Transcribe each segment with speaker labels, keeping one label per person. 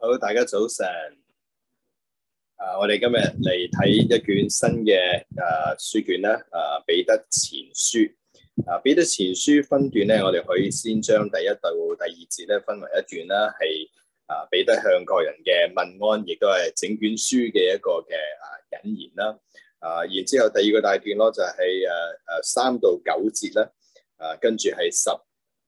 Speaker 1: 好，Hello, 大家早晨。啊，我哋今日嚟睇一卷新嘅啊書卷啦，啊，彼得前書。啊，彼得前書分段咧，我哋可以先將第一到第二節咧分為一段啦，係啊彼得向各人嘅問安，亦都係整卷書嘅一個嘅啊引言啦。啊，然之後第二個大段咯，就係誒誒三到九節啦。啊，跟住係十。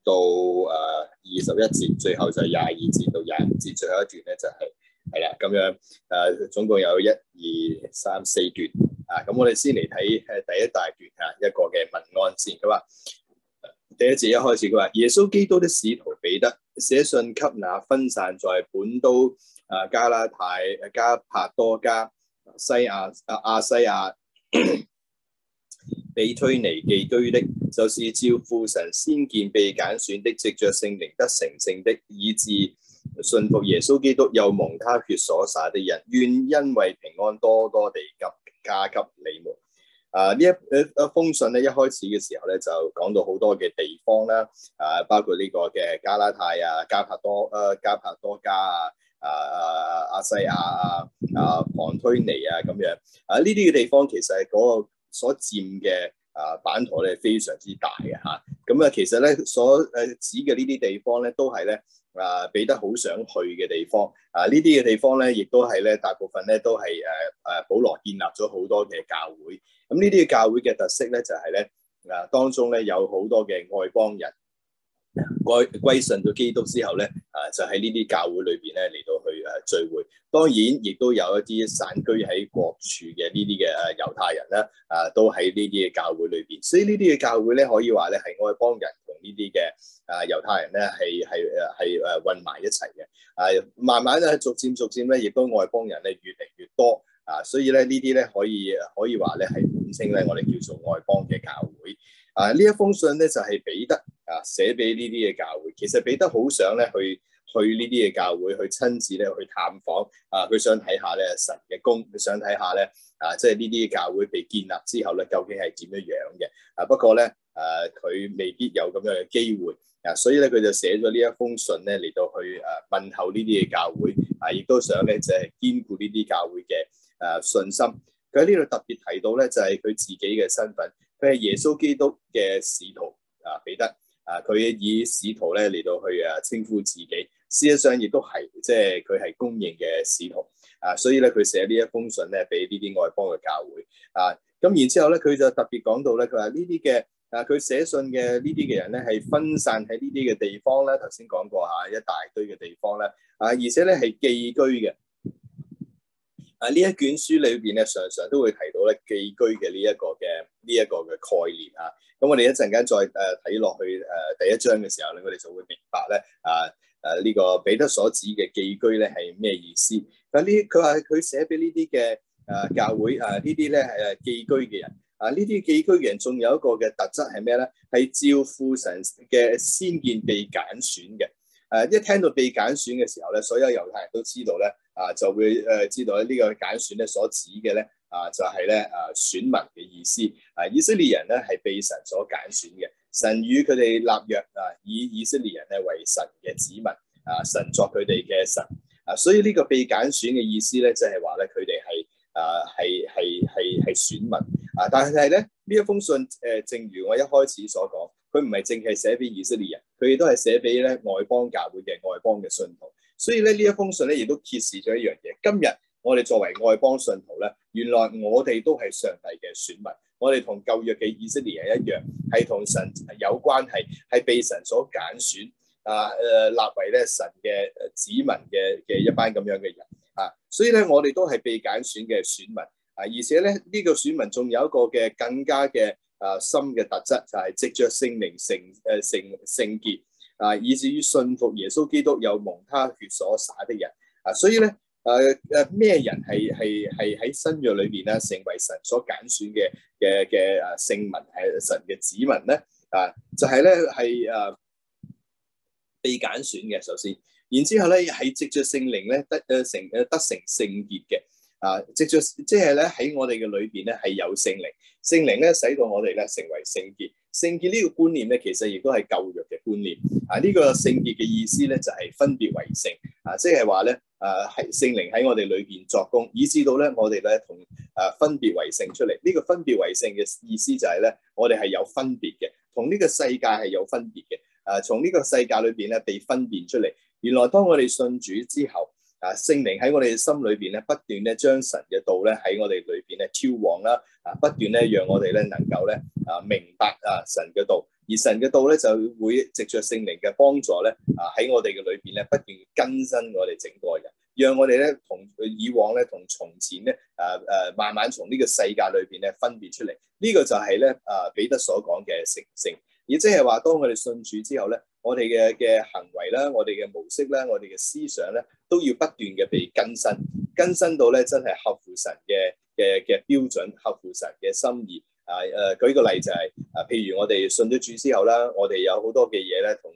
Speaker 1: 到誒、呃、二十一節，最後就係廿二,二節到廿五節，最後一段咧、就是，就係係啦咁樣誒、呃，總共有一二三四段啊。咁我哋先嚟睇誒第一大段嚇、啊、一個嘅問安先。佢話第一節一開始佢話，耶穌基督的使徒彼得寫信給那分散在本都啊、呃、加拉太加帕多家、西亞啊亞西亞。咳咳庇推尼寄居的，就是照父神先見被揀選的，藉著聖靈得成聖的，以致信服耶穌基督又蒙他血所灑的人，願因為平安多多地加加給你們。啊、呃，呢一誒誒、呃、封信咧，一開始嘅時候咧就講到好多嘅地方啦，啊、呃，包括呢個嘅加拉太啊、加帕多、誒、呃、加帕多加啊、啊啊啊、亞細亞啊、啊庇推尼啊，咁樣啊，呢啲嘅地方其實係嗰、那個。所佔嘅啊版圖咧非常之大嘅嚇。咁啊其實咧所誒指嘅呢啲地方咧都係咧啊彼得好想去嘅地方，啊呢啲嘅地方咧亦都係咧大部分咧都係誒誒保羅建立咗好多嘅教會。咁呢啲嘅教會嘅特色咧就係、是、咧啊當中咧有好多嘅外邦人歸歸信咗基督之後咧啊就喺呢啲教會裏邊咧嚟到去誒、啊、聚會。當然，亦都有一啲散居喺各處嘅呢啲嘅啊猶太人咧，啊、呃、都喺呢啲嘅教會裏邊。所以呢啲嘅教會咧、呃呃，可以話咧係外邦人同呢啲嘅啊猶太人咧係係誒係誒混埋一齊嘅。啊慢慢咧，逐漸逐漸咧，亦都外邦人咧越嚟越多啊。所以咧呢啲咧可以可以話咧係本稱咧，我哋叫做外邦嘅教會。啊呢一封信咧就係彼得啊寫俾呢啲嘅教會。其實彼得好想咧去。去呢啲嘅教會去親自咧去探訪啊！佢想睇下咧神嘅功，佢想睇下咧啊！即係呢啲嘅教會被建立之後咧，究竟係點樣樣嘅啊？不過咧誒，佢、啊、未必有咁樣嘅機會啊，所以咧佢就寫咗呢一封信咧嚟到去誒問候呢啲嘅教會啊，亦都想咧就係、是、堅固呢啲教會嘅誒、啊、信心。佢喺呢度特別提到咧，就係、是、佢自己嘅身份，佢係耶穌基督嘅使徒啊彼得啊，佢、啊、以使徒咧嚟到去誒稱呼自己。事實上亦都係，即係佢係公認嘅使徒啊，所以咧佢寫呢一封信咧，俾呢啲外邦嘅教會啊。咁然之後咧，佢就特別講到咧，佢話呢啲嘅啊，佢寫信嘅呢啲嘅人咧，係分散喺呢啲嘅地方咧。頭先講過嚇、啊，一大堆嘅地方咧啊，而且咧係寄居嘅啊。呢一卷書裏邊咧，常常都會提到咧寄居嘅呢一個嘅呢一個嘅概念啊。咁我哋一陣間再誒睇落去誒、啊、第一章嘅時候咧，我哋就會明白咧啊。啊誒呢個彼得所指嘅寄居咧係咩意思？嗱呢，佢話佢寫俾呢啲嘅誒教會誒呢啲咧係寄居嘅人。啊，呢啲寄居嘅人仲有一個嘅特質係咩咧？係照父神嘅先見被揀選嘅。誒一聽到被揀選嘅時候咧，所有猶太人都知道咧啊，就會誒知道呢個揀選咧所指嘅咧啊就係咧啊選民嘅意思。啊，以色列人咧係被神所揀選嘅。神與佢哋立約啊，以以色列人咧為神嘅子民啊，神作佢哋嘅神啊，所以呢個被揀選嘅意思咧，就係話咧佢哋係啊係係係係選民啊，但係咧呢一封信誒，正如我一開始所講，佢唔係淨係寫俾以色列人，佢亦都係寫俾咧外邦教會嘅外邦嘅信徒，所以咧呢一封信咧亦都揭示咗一樣嘢，今日我哋作為外邦信徒咧，原來我哋都係上帝嘅選民。我哋同舊約嘅以色列人一樣，係同神有關係，係被神所揀選，啊、呃、誒立為咧神嘅、呃、子民嘅嘅一班咁樣嘅人，啊，所以咧我哋都係被揀選嘅選民，啊，而且咧呢、這個選民仲有一個嘅更加嘅啊深嘅特質，就係、是、藉着聖靈成誒成聖潔，啊，以至於信服耶穌基督有蒙他血所撒的人，啊，所以咧。誒誒，咩、呃呃、人係係係喺新約裏邊咧成為神所揀選嘅嘅嘅誒聖民係神嘅子民咧？啊，就係咧係誒被揀選嘅，首先，然之後咧係藉着聖靈咧得誒成誒得成聖潔嘅啊，藉着即係咧喺我哋嘅裏邊咧係有聖靈，聖靈咧使到我哋咧成為聖潔，聖潔呢個觀念咧其實亦都係舊約嘅觀念啊，呢、這個聖潔嘅意思咧就係、是、分別為聖啊，即係話咧。就是誒係、啊、聖靈喺我哋裏邊作工，以至到咧我哋咧同誒、啊、分別為聖出嚟。呢、這個分別為聖嘅意思就係咧，我哋係有分別嘅，同呢個世界係有分別嘅。誒、啊，從呢個世界裏邊咧被分辨出嚟。原來當我哋信主之後，誒、啊、聖靈喺我哋嘅心裏邊咧不斷咧將神嘅道咧喺我哋裏邊咧超往啦，誒、啊、不斷咧讓我哋咧能夠咧誒明白啊神嘅道。而神嘅道咧，就會藉着聖靈嘅幫助咧，啊喺我哋嘅裏邊咧不斷更新我哋整個人，讓我哋咧同以往咧同從前咧誒誒慢慢從呢個世界裏邊咧分別出嚟。呢個就係咧誒彼得所講嘅成聖，而即係話當我哋信主之後咧，我哋嘅嘅行為啦，我哋嘅模式啦，我哋嘅思想咧，都要不斷嘅被更新，更新到咧真係合乎神嘅嘅嘅標準，合乎神嘅心意。啊誒舉個例就係啊，譬如我哋信咗主之後啦，我哋有好多嘅嘢咧，同誒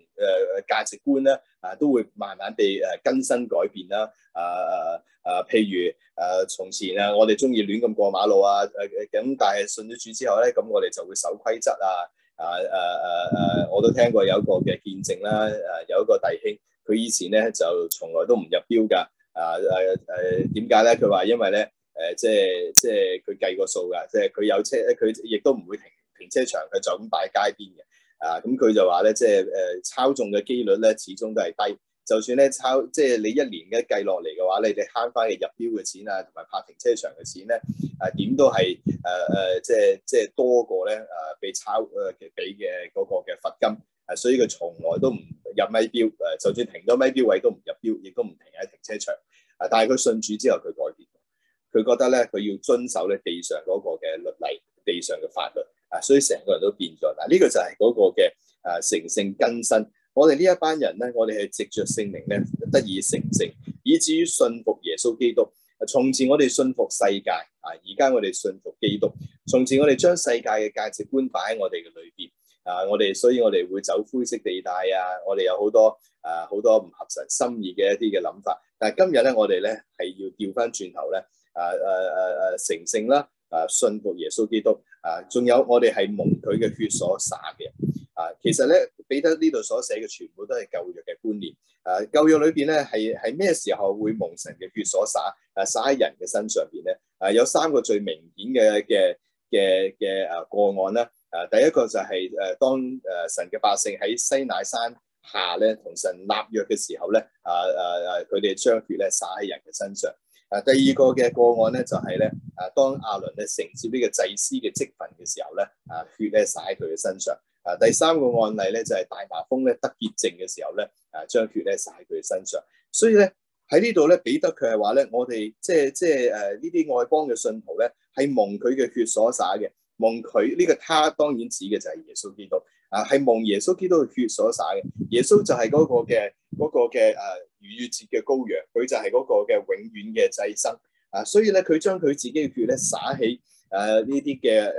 Speaker 1: 誒價值觀咧啊，都會慢慢地誒更新改變啦。啊啊啊，譬如啊，從前啊，我哋中意亂咁過馬路啊，誒咁，但係信咗主之後咧，咁我哋就會守規則啊。啊啊啊啊，我都聽過有一個嘅見證啦。誒有一個弟兄，佢以前咧就從來都唔入標㗎。啊誒誒，點解咧？佢話因為咧。誒即係即係佢計過數㗎，即係佢有車，佢亦都唔會停停車場，佢就咁擺喺街邊嘅。啊，咁、嗯、佢就話咧，即係誒抄中嘅機率咧，始終都係低。就算咧抄，即係你一年嘅計落嚟嘅話，你哋慳翻嘅入標嘅錢啊，同埋拍停車場嘅錢咧，啊點都係誒誒，即係即係多過咧啊被抄誒嘅俾嘅嗰個嘅罰金。啊，所以佢從來都唔入咪標，誒，就算停咗咪標位都唔入標，亦都唔停喺停車場。啊，但係佢信主之後，佢改變。佢覺得咧，佢要遵守咧地上嗰個嘅律例、地上嘅法律啊，所以成個人都變咗。嗱，呢個就係嗰個嘅誒、啊、成聖更新。我哋呢一班人咧，我哋係藉着聖靈咧得以成聖，以至於信服耶穌基督。從、啊、前我哋信服世界啊，而家我哋信服基督。從、啊、前我哋將世界嘅價值觀擺喺我哋嘅裏邊啊，我哋所以我哋會走灰色地帶啊，我哋有好多誒好、啊、多唔合實心意嘅一啲嘅諗法。但係今日咧，我哋咧係要調翻轉頭咧。啊啊啊啊！成聖啦！啊，信服耶穌基督啊，仲有我哋係蒙佢嘅血所灑嘅啊！其實咧，彼得呢度所寫嘅全部都係舊約嘅觀念啊！舊約裏邊咧係係咩時候會蒙神嘅血所灑啊？灑喺人嘅身上邊咧啊？有三個最明顯嘅嘅嘅嘅啊個案咧啊！第一個就係、是、誒、啊、當誒神嘅百姓喺西乃山下咧同神立約嘅時候咧啊啊啊！佢、啊、哋將血咧灑喺人嘅身上。啊，第二個嘅個案咧就係、是、咧，啊，當阿倫咧承接呢個祭司嘅職份嘅時候咧，啊，血咧灑喺佢嘅身上。啊，第三個案例咧就係、是、大麻風咧得潔淨嘅時候咧，啊，將血咧灑喺佢嘅身上。所以咧喺呢度咧彼得佢係話咧，我哋即係即係誒呢啲外邦嘅信徒咧係蒙佢嘅血所灑嘅，蒙佢呢、這個他當然指嘅就係耶穌基督。啊，係蒙耶穌基督嘅血所撒嘅，耶穌就係嗰個嘅嗰、那個嘅嗰個嘅誒逾越節嘅羔羊，佢就係嗰個嘅永遠嘅祭牲。啊，所以咧，佢將佢自己嘅血咧撒喺誒呢啲嘅誒誒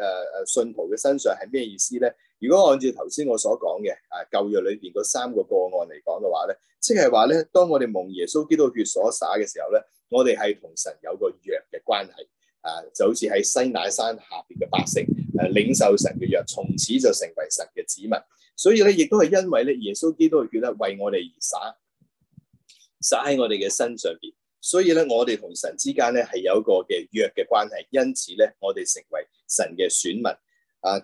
Speaker 1: 信徒嘅身上係咩意思咧？如果按照頭先我所講嘅誒舊約裏邊嗰三個個案嚟講嘅話咧，即係話咧，當我哋蒙耶穌基督血所撒嘅時候咧，我哋係同神有個約嘅關係。啊，就好似喺西乃山下邊嘅百姓，誒，領受神嘅約，從此就成為神嘅子民。所以咧，亦都係因為咧，耶穌基督佢得為我哋而撒，撒喺我哋嘅身上邊。所以咧，我哋同神之間咧係有一個嘅約嘅關係。因此咧，我哋成為神嘅選民。啊，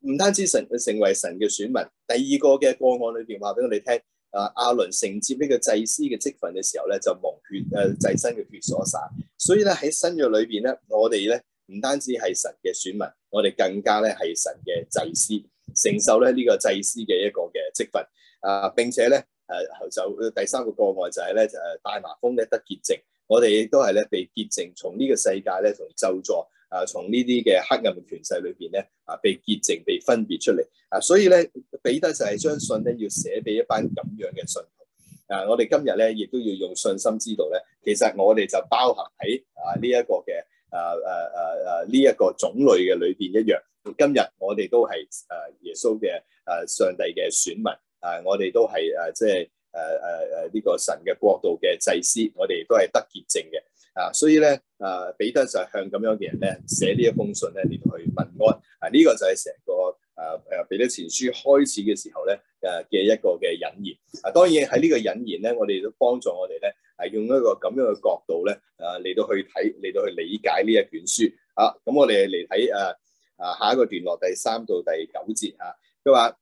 Speaker 1: 唔單止神，佢成為神嘅選民。第二個嘅個案裏邊話俾我哋聽。啊！亞倫承接呢個祭司嘅職份嘅時候咧，就亡血誒祭、呃、牲嘅血所散，所以咧喺新約裏邊咧，我哋咧唔單止係神嘅選民，我哋更加咧係神嘅祭司，承受咧呢、這個祭司嘅一個嘅職份啊！並且咧誒、啊、就第三個個案就係咧就誒、是、大麻風咧得潔淨。我哋亦都係咧被潔淨，從呢個世界咧同咒詛。啊！從呢啲嘅黑暗嘅權勢裏邊咧，啊，被潔淨、被分別出嚟啊！所以咧，彼得就係將信咧，要寫俾一班咁樣嘅信徒。啊！我哋今日咧，亦都要用信心知道咧，其實我哋就包含喺啊呢一個嘅啊啊啊啊呢一個種類嘅裏邊一樣。今日我哋都係啊耶穌嘅啊上帝嘅選民啊！我哋都係啊即係啊啊啊呢個神嘅國度嘅祭司，我哋都係得潔淨嘅。啊，所以咧，啊，彼得就向咁樣嘅人咧，寫呢一封信咧，嚟到去問安。啊，呢、這個就係成個，誒、啊、誒，彼得前書開始嘅時候咧，誒、啊、嘅一個嘅引言。啊，當然喺呢個引言咧，我哋都幫助我哋咧，係、啊、用一個咁樣嘅角度咧，啊嚟到去睇，嚟到去理解呢一卷書。啊，咁、嗯、我哋嚟睇，誒，啊，啊下一個段落第三到第九節啊，佢話。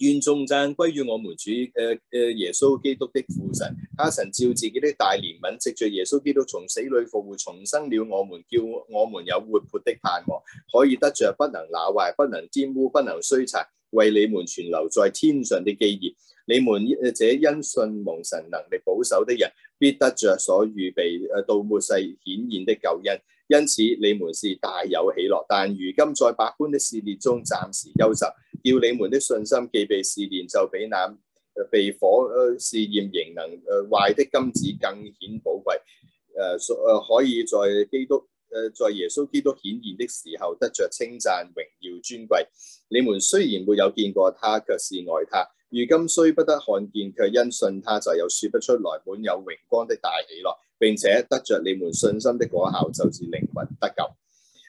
Speaker 1: 願眾讚歸於我們主誒誒耶穌基督的父神，他神照自己的大憐憫，藉着耶穌基督從死裏復活，重生了我們，叫我們有活潑的盼望，可以得着不能朽壞、不能玷污、不能衰殘，為你們存留在天上的基業。你們這因信蒙神能力保守的人，必得着所預備誒到末世顯現的救恩。因此，你們是大有喜樂。但如今在百般的試煉中，暫時休息，叫你們的信心既被試煉，就比那被火試驗仍能壞、呃、的金子更顯寶貴。誒、呃、誒、呃，可以在基督誒、呃、在耶穌基督顯現的時候，得着稱讚、榮耀、尊貴。你們雖然沒有見過他，卻是愛他。如今雖不得看見，卻因信他就又說不出來滿有榮光的大喜樂。並且得着你們信心的果效，就是靈魂得救。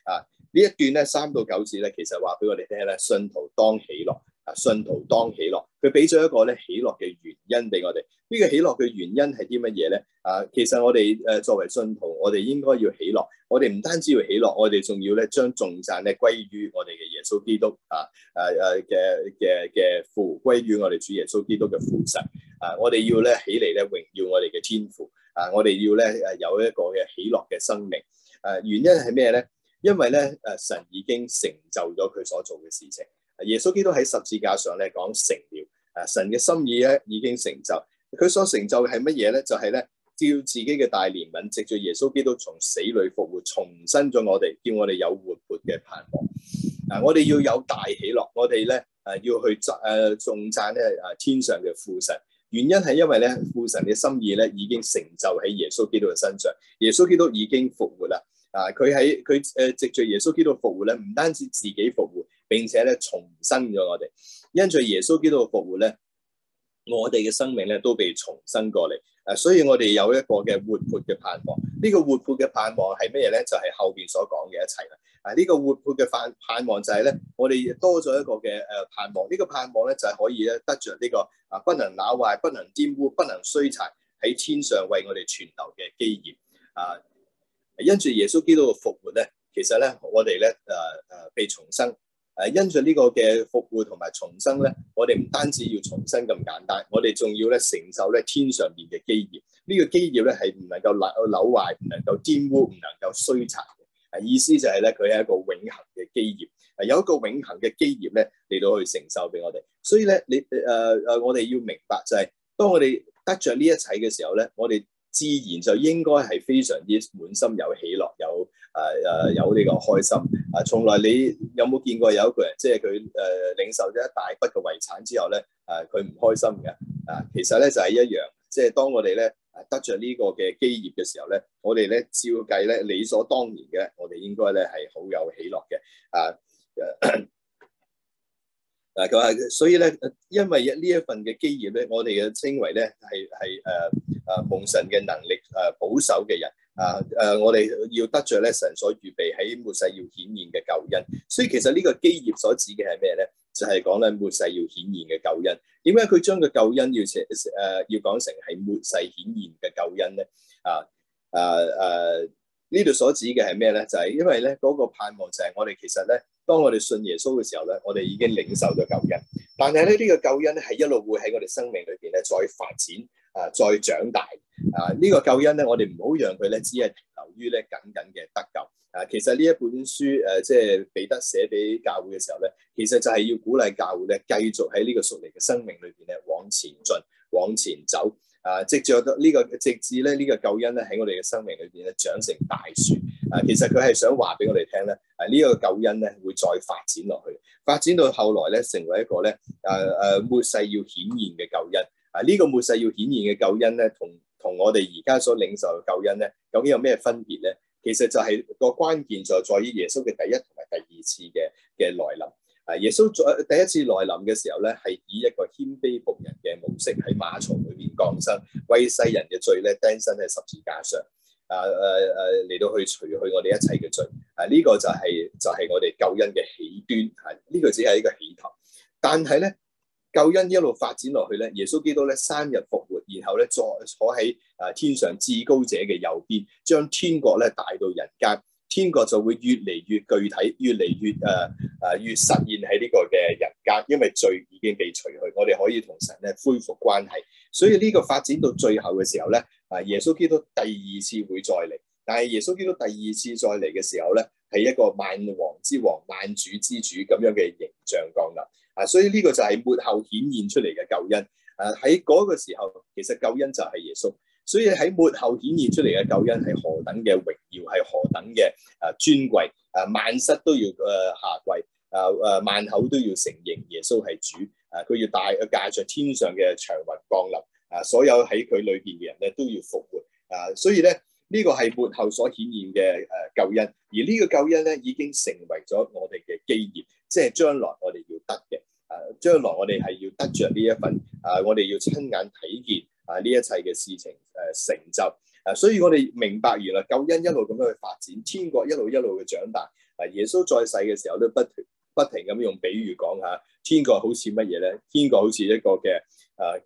Speaker 1: 啊，呢一段咧三到九節，咧，其實話俾我哋聽咧，信徒當喜樂啊！信徒當喜樂，佢俾咗一個咧喜樂嘅原因俾我哋。呢、這個喜樂嘅原因係啲乜嘢咧？啊，其實我哋誒、啊、作為信徒，我哋應該要喜樂。我哋唔單止要喜樂，我哋仲要咧將頌讚咧歸於我哋嘅耶穌基督啊！誒誒嘅嘅嘅父，歸於我哋主耶穌基督嘅父神啊！我哋要咧起嚟咧榮耀我哋嘅天父。啊！我哋要咧，誒，有一個嘅喜樂嘅生命。誒，原因係咩咧？因為咧，誒，神已經成就咗佢所做嘅事情。耶穌基督喺十字架上咧講成了。誒，神嘅心意咧已經成就。佢所成就嘅係乜嘢咧？就係、是、咧，照自己嘅大憐憫藉住耶穌基督從死裏復活，重生咗我哋，叫我哋有活潑嘅盼望。嗱、啊，我哋要有大喜樂，我哋咧，誒、啊，要去讚，誒、呃，頌讚咧，誒，天上嘅父神。原因係因為咧，父神嘅心意咧已經成就喺耶穌基督嘅身上，耶穌基督已經復活啦！啊，佢喺佢誒藉著耶穌基督嘅復活咧，唔單止自己復活，並且咧重生咗我哋，因在耶穌基督嘅復活咧。我哋嘅生命咧都被重生過嚟，啊，所以我哋有一個嘅活潑嘅盼望。呢個活潑嘅盼望係咩咧？就係後邊所講嘅一切。啊，呢個活潑嘅盼盼望就係咧，我哋多咗一個嘅誒盼望。呢個盼望咧就係可以咧得着呢個啊不能朽壞、不能玷污、不能衰殘喺天上為我哋存留嘅基業。啊，因住耶穌基督嘅復活咧，其實咧我哋咧誒誒被重生。誒，因著呢個嘅復活同埋重生咧，我哋唔單止要重生咁簡單，我哋仲要咧承受咧天上面嘅基業。呢個基業咧係唔能夠扭扭壞，唔能夠玷污，唔能夠衰殘嘅。啊，意思就係咧，佢係一個永恆嘅基業。啊，有一個永恆嘅基業咧，嚟到去承受俾我哋。所以咧，你誒誒，我哋要明白就係，當我哋得着呢一切嘅時候咧，我哋。自然就應該係非常之滿心有喜樂，有誒誒、啊、有呢個開心。啊，從來你有冇見過有一個人，即係佢誒領受咗一大筆嘅遺產之後咧，誒佢唔開心嘅？啊，其實咧就係、是、一樣，即係當我哋咧得着呢個嘅基業嘅時候咧，我哋咧照計咧理所當然嘅，我哋應該咧係好有喜樂嘅。啊誒。 嗱，佢話、啊、所以咧，因為呢一份嘅基業咧，我哋嘅稱為咧係係誒誒蒙神嘅能力誒、呃、保守嘅人啊誒、呃呃，我哋要得着咧神所預備喺末世要顯現嘅救恩，所以其實呢個基業所指嘅係咩咧？就係講咧末世要顯現嘅救恩。點解佢將個救恩要、呃、要講成誒要講成係末世顯現嘅救恩咧？啊啊誒！啊呢度所指嘅係咩咧？就係、是、因為咧嗰、那個盼望就係我哋其實咧，當我哋信耶穌嘅時候咧，我哋已經領受咗救恩。但係咧呢、這個救恩咧係一路會喺我哋生命裏邊咧再發展啊，再長大啊。呢、這個救恩咧，我哋唔好讓佢咧只係留於咧僅僅嘅得救啊。其實呢一本書誒，即、啊、係、就是、彼得寫俾教會嘅時候咧，其實就係要鼓勵教會咧繼續喺呢個屬靈嘅生命裏邊咧往前進，往前走。啊，直至得呢個，直至咧呢個救恩咧喺我哋嘅生命裏邊咧長成大樹。啊，其實佢係想話俾我哋聽咧，啊，呢個救恩咧會再發展落去，發展到後來咧成為一個咧，誒誒末世要顯現嘅救恩。啊，呢個末世要顯現嘅救恩咧，同同我哋而家所領受嘅救恩咧究竟有咩分別咧？其實就係個關鍵就在於耶穌嘅第一同埋第二次嘅嘅來臨。啊！耶穌在第一次來臨嘅時候咧，係以一個謙卑僕人嘅模式喺馬槽裏面降生，為世人嘅罪咧釘身喺十字架上，啊啊啊！嚟到去除去我哋一切嘅罪，啊呢個就係就係我哋救恩嘅起端，啊呢個只係一個起頭。但係咧，救恩一路發展落去咧，耶穌基督咧三日復活，然後咧再坐喺啊天上至高者嘅右邊，將天國咧帶到人間。天國就會越嚟越具體，越嚟越誒誒、呃呃、越實現喺呢個嘅人間，因為罪已經被除去，我哋可以同神咧恢復關係。所以呢個發展到最後嘅時候咧，啊耶穌基督第二次會再嚟，但係耶穌基督第二次再嚟嘅時候咧，係一個萬王之王、萬主之主咁樣嘅形象降臨啊！所以呢個就係末後顯現出嚟嘅救恩啊！喺嗰個時候，其實救恩就係耶穌。所以喺末後顯現出嚟嘅救恩係何等嘅榮耀，係何等嘅誒尊貴，誒萬膝都要誒下跪，誒誒萬口都要承認耶穌係主，誒、啊、佢要帶佢駕上天上嘅長雲降臨，誒、啊、所有喺佢裏邊嘅人咧都要復活，啊，所以咧呢、呢個係末後所顯現嘅誒、啊、救恩，而呢個救恩咧已經成為咗我哋嘅基業，即係將來我哋要得嘅，誒、啊、將來我哋係要得着呢一份，啊，我哋要親眼睇見。啊！呢一切嘅事情，誒、呃、成就，啊！所以我哋明白完啦，救恩一路咁樣去發展，天國一路一路嘅長大。啊！耶穌在世嘅時候都不斷不停咁用比喻講嚇，天國好似乜嘢咧？天國好似一個嘅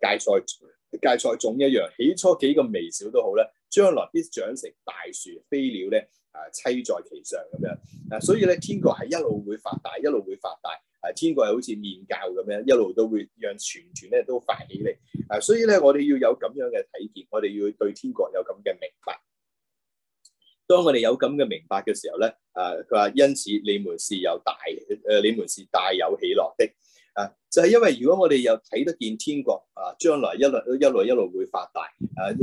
Speaker 1: 誒芥菜芥菜種一樣，起初幾個微小都好咧，將來必長成大樹，飛鳥咧。啊，妻在其上咁樣，啊，所以咧天國係一路會發大，一路會發大。啊，天國係好似麵酵咁樣，一路都會讓全團咧都發起嚟。啊，所以咧我哋要有咁樣嘅睇見，我哋要對天國有咁嘅明白。當我哋有咁嘅明白嘅時候咧，啊，佢話因此你們是有大，誒、呃，你們是大有喜樂的。誒、啊，就係、是、因為如果我哋又睇得見天國，啊，將來一路一路一路會發大，誒、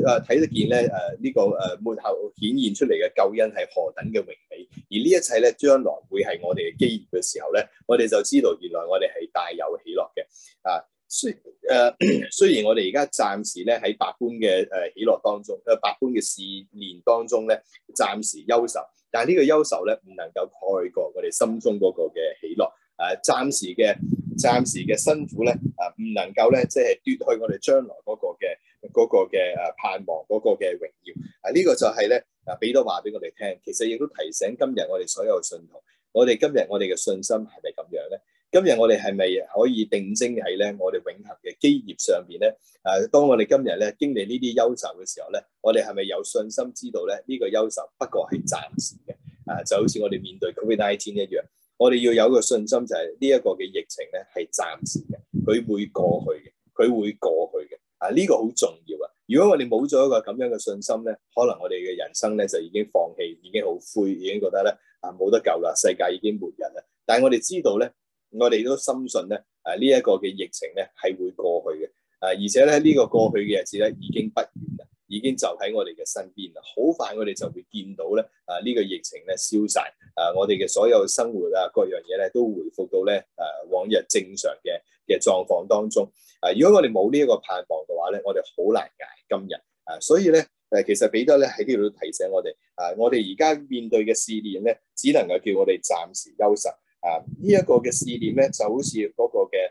Speaker 1: 啊，睇、啊、得見咧，誒、啊、呢、這個誒末、啊、後顯現出嚟嘅救恩係何等嘅榮美，而呢一切咧將來會係我哋嘅基業嘅時候咧，我哋就知道原來我哋係大有喜樂嘅，啊，雖誒、啊、 雖然我哋而家暫時咧喺百般嘅誒喜樂當中，誒、呃、百般嘅試煉當中咧，暫時憂愁，但係呢個憂愁咧唔能夠蓋過我哋心中嗰個嘅喜樂，誒、啊，暫時嘅。暫時嘅辛苦咧，啊，唔能夠咧，即係奪去我哋將來嗰個嘅嗰個嘅誒盼望嗰個嘅榮耀啊！呢個就係咧，啊，彼得話俾我哋聽，其實亦都提醒今日我哋所有信徒，我哋今日我哋嘅信心係咪咁樣咧？今日我哋係咪可以定睛喺咧我哋永恆嘅基業上邊咧？誒、啊，當我哋今日咧經歷呢啲憂愁嘅時候咧，我哋係咪有信心知道咧呢、這個憂愁不過係暫時嘅？誒、啊，就好似我哋面對 COVID-19 一樣。我哋要有一個信心，就係呢一個嘅疫情咧，係暫時嘅，佢會過去嘅，佢會過去嘅。啊，呢個好重要啊！如果我哋冇咗一個咁樣嘅信心咧，可能我哋嘅人生咧就已經放棄，已經好灰，已經覺得咧啊冇得救啦，世界已經末日啦。但係我哋知道咧，我哋都深信咧啊呢一個嘅疫情咧係會過去嘅啊，而且咧呢個過去嘅日子咧已經不遠啦，已經就喺我哋嘅身邊啦，好快我哋就會見到咧啊呢個疫情咧消散。誒，uh, 我哋嘅所有生活啊，各樣嘢咧都恢復到咧誒、啊、往日正常嘅嘅狀況當中。誒、啊，如果我哋冇呢一個盼望嘅話咧，我哋好難捱今日。誒、啊，所以咧誒，其實彼得咧喺呢度都提醒我哋，誒、啊，我哋而家面對嘅試煉咧，只能夠叫我哋暫時休息。啊，這個、呢一個嘅試煉咧，就好似嗰個嘅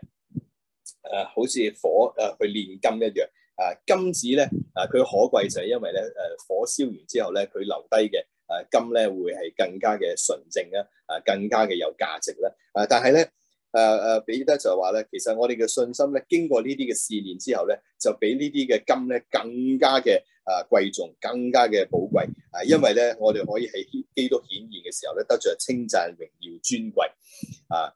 Speaker 1: 誒、啊，好似火誒、啊、去煉金一樣。啊，金子咧啊，佢可貴就係因為咧誒、啊，火燒完之後咧，佢留低嘅。啊，金咧會係更加嘅純正啦，啊，更加嘅有價值咧，啊，但係咧，誒誒彼得就係話咧，其實我哋嘅信心咧，經過呢啲嘅試驗之後咧，就比呢啲嘅金咧更加嘅、啊貴重，更加嘅寶貴，啊，因為咧我哋可以喺基督顯現嘅時候咧，得著稱讚、榮耀、尊貴，啊，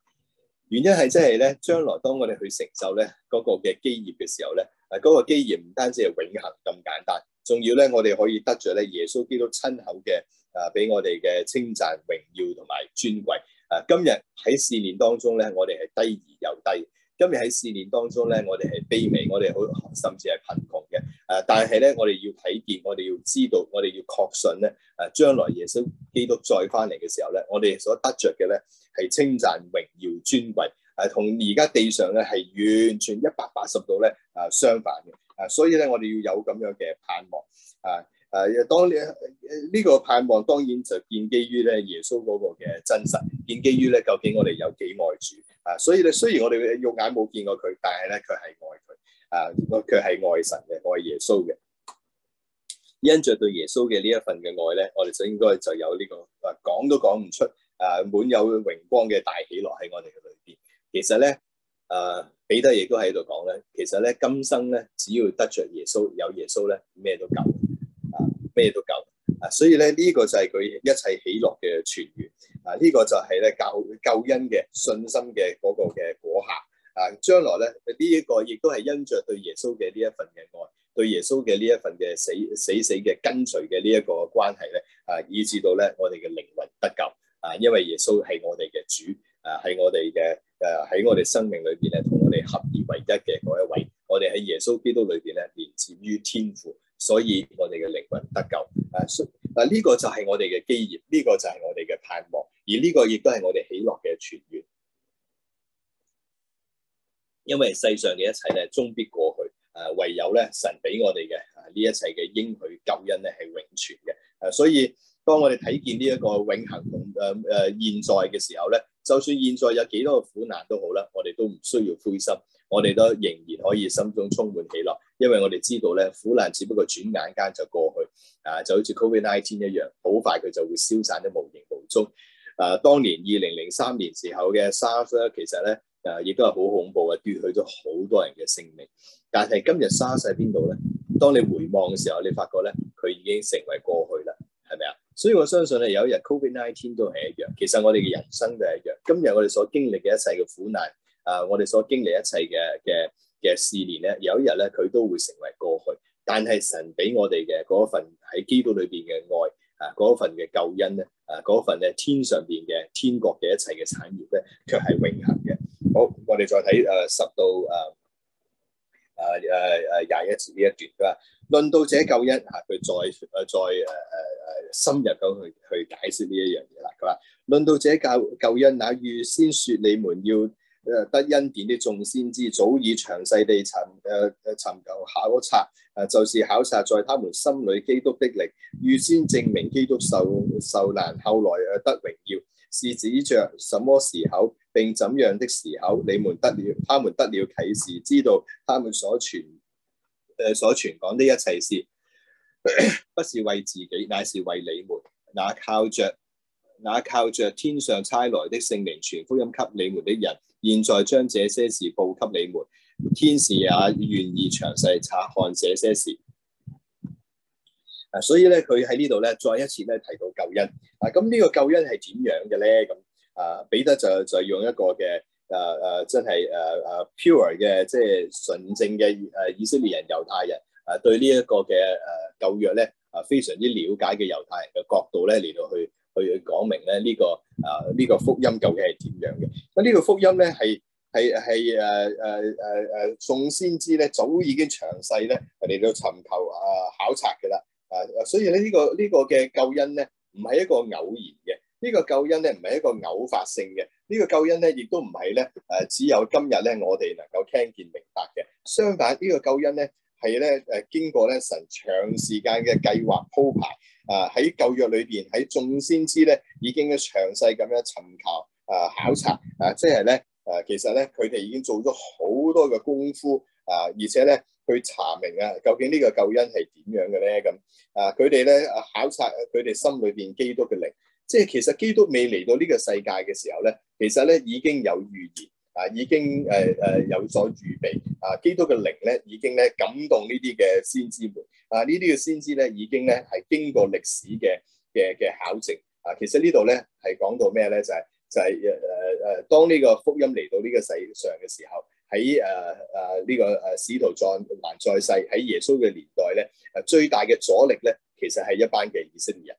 Speaker 1: 原因係即係咧，將來當我哋去承受咧嗰個嘅基業嘅時候咧，嗰個基業唔單止係永恆咁簡單。仲要咧，我哋可以得着咧耶穌基督親口嘅啊，俾我哋嘅稱讚、榮耀同埋尊貴。啊，今日喺試驗當中咧，我哋係低而又低；今日喺試驗當中咧，我哋係卑微，我哋好甚至係貧窮嘅。啊，但係咧，我哋要睇見，我哋要知道，我哋要確信咧，啊，將來耶穌基督再翻嚟嘅時候咧，我哋所得着嘅咧係稱讚、榮耀、尊貴，係同而家地上咧係完全一百八十度咧啊相反嘅。啊，所以咧，我哋要有咁樣嘅盼望，啊啊！當呢呢個盼望當然就建基於咧耶穌嗰個嘅真實，建基於咧究竟我哋有幾愛主啊？所以咧，雖然我哋肉眼冇見過佢，但係咧佢係愛佢啊！佢係愛神嘅，愛耶穌嘅。因着對耶穌嘅呢一份嘅愛咧，我哋就應該就有呢個啊講都講唔出啊滿有榮光嘅大喜樂喺我哋嘅裏邊。其實咧，啊～彼得亦都喺度講咧，其實咧今生咧只要得着耶穌，有耶穌咧咩都夠啊，咩都夠啊，所以咧呢、這個就係佢一切喜樂嘅泉源啊，呢、這個就係咧救救恩嘅信心嘅嗰個嘅果效啊，將來咧呢一、這個亦都係因着對耶穌嘅呢一份嘅愛，對耶穌嘅呢一份嘅死，死死死嘅跟隨嘅呢一個關係咧啊，以至到咧我哋嘅靈魂得救啊，因為耶穌係我哋嘅主啊，係我哋嘅。誒，喺、啊、我哋生命裏邊咧，同我哋合二為一嘅嗰一位，我哋喺耶穌基督裏邊咧，連接於天父，所以我哋嘅靈魂得救。誒、啊，嗱呢、啊呢個就係我哋嘅基業，呢、呢個就係我哋嘅盼望，而呢個亦都係我哋喜樂嘅泉源。因為世上嘅一切咧，終必過去。誒、啊，唯有咧神俾我哋嘅啊呢一切嘅應許救恩咧係永存嘅。誒、啊，所以。當我哋睇見呢一個永恆同誒誒現在嘅時候咧，就算現在有幾多個苦難都好啦，我哋都唔需要灰心，我哋都仍然可以心中充滿喜樂，因為我哋知道咧苦難只不過轉眼間就過去，啊、呃、就好似 Covid nineteen 一樣，好快佢就會消散得無形無蹤。啊、呃，當年二零零三年時候嘅沙士呢，其實咧誒亦都係好恐怖嘅，奪去咗好多人嘅性命。但係今日沙士喺邊度咧？當你回望嘅時候，你發覺咧佢已經成為過去啦，係咪啊？所以我相信咧，有一日 Covid Nineteen 都係一樣。其實我哋嘅人生都係一樣。今日我哋所經歷嘅一切嘅苦難，啊，我哋所經歷一切嘅嘅嘅試煉咧，有一日咧佢都會成為過去。但係神俾我哋嘅嗰份喺基督裏邊嘅愛，啊，嗰份嘅救恩咧，啊，嗰份咧天上邊嘅天國嘅一切嘅產業咧，佢係永恆嘅。好，我哋再睇誒十到誒誒誒誒廿一次呢一段，係論道者救恩，吓佢再誒再誒誒誒深入咁去去解釋呢一樣嘢啦。佢話論道者救救恩，那、啊、預先說你們要誒得恩典的眾先知，早已詳細地尋誒誒尋求考察，誒、啊、就是考察在他們心裏基督的靈，預先證明基督受受難，後來誒得榮耀，是指着什麼時候，並怎樣的時候，你們得了，他們得了啟示，知道他們所傳。誒，所傳講的一切事， 不是為自己，乃是為你們。那靠着那靠着天上差來的聖靈傳福音給你們的人，現在將這些事報給你們。天使也願意詳細察看這些事。啊，所以咧，佢喺呢度咧，再一次咧提到救恩。啊，咁呢個救恩係點樣嘅咧？咁啊，彼得就就用一個嘅。誒誒、啊，真係誒誒 pure 嘅，即係純正嘅誒、啊、以色列人、啊啊、猶太人，誒對呢一個嘅誒舊約咧，誒非常之了解嘅猶太人嘅角度咧嚟到去去去講明咧呢、這個誒呢、啊這個福音究竟係點樣嘅？咁、這、呢個福音咧係係係誒誒誒誒，眾先知咧早已經詳細咧嚟到尋求誒、啊、考察噶啦，誒、啊、所以咧、這、呢個呢、這個嘅救恩咧唔係一個偶然嘅。呢個救恩咧唔係一個偶發性嘅，呢個救恩咧亦都唔係咧誒，只有今日咧我哋能夠聽見明白嘅。相反呢個救恩咧係咧誒，經過咧神長時間嘅計劃鋪排啊，喺舊約裏邊喺眾先知咧已經咧詳細咁樣尋求啊考察啊，即係咧誒，其實咧佢哋已經做咗好多嘅功夫啊，而且咧去查明啊究竟呢個救恩係點樣嘅咧咁啊，佢哋咧考察佢哋心裏邊基督嘅靈。即係其實基督未嚟到呢個世界嘅時候咧，其實咧已經有預言啊，已經誒誒、呃、有所預備啊。基督嘅靈咧已經咧感動呢啲嘅先知們啊。呢啲嘅先知咧已經咧係經過歷史嘅嘅嘅考證啊。其實呢度咧係講到咩咧？就係就係誒誒誒，當呢個福音嚟到呢個世上嘅時候，喺誒誒呢個誒使徒在還在世喺耶穌嘅年代咧，誒最大嘅阻力咧其實係一班嘅以色列人。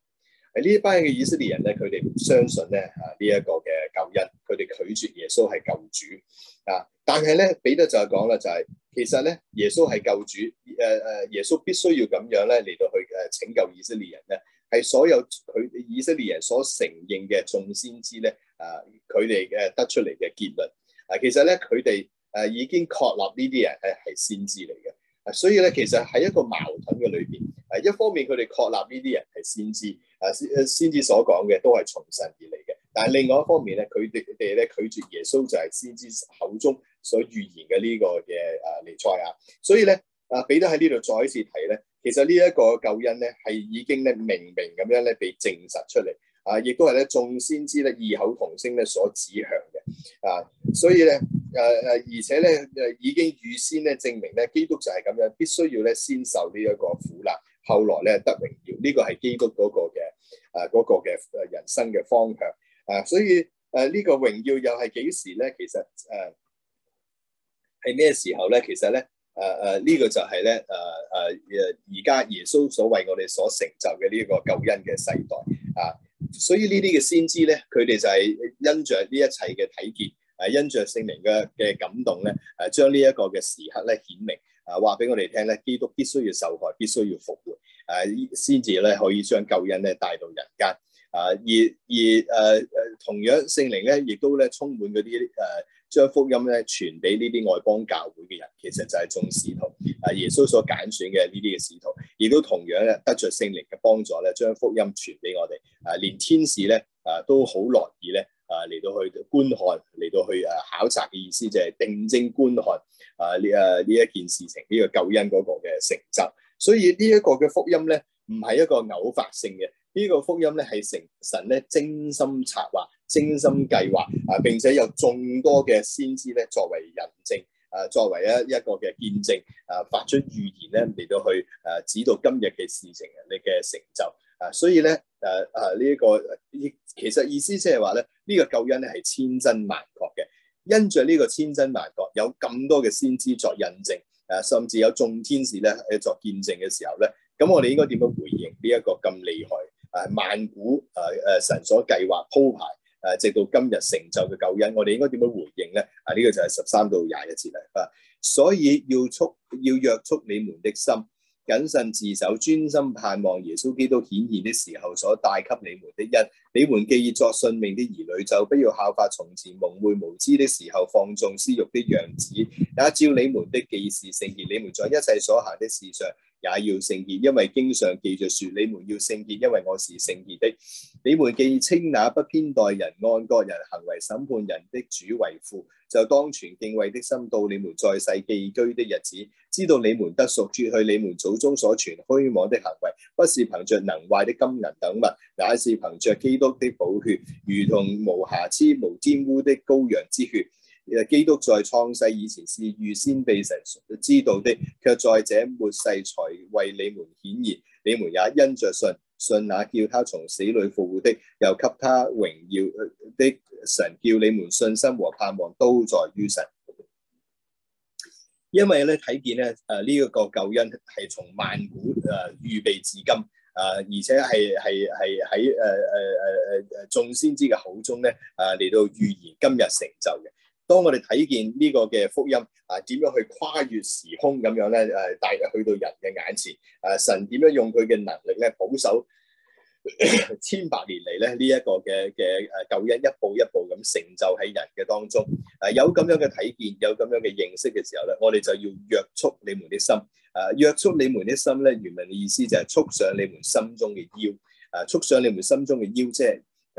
Speaker 1: 呢一班嘅以色列人咧，佢哋唔相信咧啊呢一個嘅救恩，佢哋拒絕耶穌係救主啊！但係咧彼得就係講啦，就係其實咧耶穌係救主，誒、啊、誒耶穌必須要咁樣咧嚟到去誒、啊、拯救以色列人咧，係所有佢以色列人所承認嘅眾先知咧啊，佢哋嘅得出嚟嘅結論啊，其實咧佢哋誒已經確立呢啲人係係先知嚟嘅。所以咧，其實喺一個矛盾嘅裏邊，誒一方面佢哋確立呢啲人係先知，誒先先知所講嘅都係從神而嚟嘅，但係另外一方面咧，佢哋佢哋咧拒絕耶穌就係先知口中所預言嘅呢個嘅誒彌賽亞啊，所以咧誒彼得喺呢度再一次睇咧，其實呢一個救恩咧係已經咧明明咁樣咧被證實出嚟，啊，亦都係咧眾先知咧異口同聲咧所指向嘅，啊，所以咧。誒誒、啊，而且咧誒，已經預先咧證明咧，基督就係咁樣，必須要咧先受呢一個苦難，後來咧得榮耀。呢、這個係基督嗰個嘅、誒、啊那個嘅、誒人生嘅方向。啊，所以誒呢、啊這個榮耀又係幾時咧？其實誒係咩時候咧？其實咧誒誒呢個就係咧誒誒誒而家耶穌所為我哋所成就嘅呢一個救恩嘅世代啊。所以呢啲嘅先知咧，佢哋就係因着呢一切嘅睇見。誒因着聖靈嘅嘅感動咧，誒將呢一個嘅時刻咧顯明，誒話俾我哋聽咧，基督必須要受害，必須要復活，誒先至咧可以將救恩咧帶到人間，誒而而誒誒同樣聖靈咧，亦都咧充滿嗰啲誒將福音咧傳俾呢啲外邦教會嘅人，其實就係眾使徒，誒耶穌所揀選嘅呢啲嘅使徒，亦都同樣咧得着聖靈嘅幫助咧，將福音傳俾我哋，誒連天使咧誒都好樂意咧。啊，嚟到去觀看，嚟到去誒、啊、考察嘅意思，就係定睛觀看啊！呢誒呢一件事情，呢、這個救恩嗰個嘅成就，所以呢一個嘅福音咧，唔係一個偶發性嘅，呢、這個福音咧係成神咧精心策劃、精心計劃啊！並且有眾多嘅先知咧作為人證啊，作為一一個嘅見證啊，發出預言咧嚟到去誒、啊、指導今日嘅事情，你嘅成就。啊，所以咧，誒誒呢一個，意其實意思即係話咧，呢、這個救恩咧係千真萬確嘅，因着呢個千真萬確，有咁多嘅先知作印證，誒、啊，甚至有眾天使咧誒作見證嘅時候咧，咁我哋應該點樣回應呢一個咁厲害誒萬、啊、古誒誒、啊、神所計劃鋪排誒、啊、直到今日成就嘅救恩？我哋應該點樣回應咧？啊，呢、這個就係十三到廿一節啦。啊，所以要促要約束你們的心。謹慎自守，專心盼望耶穌基督顯現的時候所帶給你們的恩。你們既已作信命的兒女，就不要效法從前蒙昧無知的時候放縱私慾的樣子，也照你們的既是聖潔，你們在一切所行的事上，也要聖潔，因為經常記着說，你們要聖潔，因為我是聖潔的。你們既稱那不偏待人、按各人行為審判人的主為父，就當存敬畏的心度你們在世寄居的日子。知道你們得贖，脫去你們祖宗所傳虛妄的行為，不是憑着能壞的金銀等物，也是憑着基督的寶血，如同無瑕疵、無玷污的羔羊之血。其實基督在創世以前是預先被神知道的，卻在這末世才為你們顯現。你們也因着信，信那叫他從死裏復活的，又給他榮耀的神，叫你們信心和盼望都在於神。因為咧睇見呢，誒呢一個救恩係從萬古誒預、呃、備至今，誒、呃、而且係係係喺誒誒誒誒眾先知嘅口中咧，啊、呃、嚟到預言今日成就嘅。當我哋睇見呢個嘅福音啊，點樣去跨越時空咁樣咧？誒、啊，帶去到人嘅眼前，誒、啊，神點樣用佢嘅能力咧，保守 千百年嚟咧呢、這個啊、一個嘅嘅誒救恩，一步一步咁成就喺人嘅當中。誒、啊，有咁樣嘅睇見，有咁樣嘅認識嘅時候咧，我哋就要約束你們的心。誒、啊，約束你們的心咧，原文嘅意思就係束上你們心中嘅腰。誒、啊，束上你們心中嘅腰，就是，即係。誒誒誒，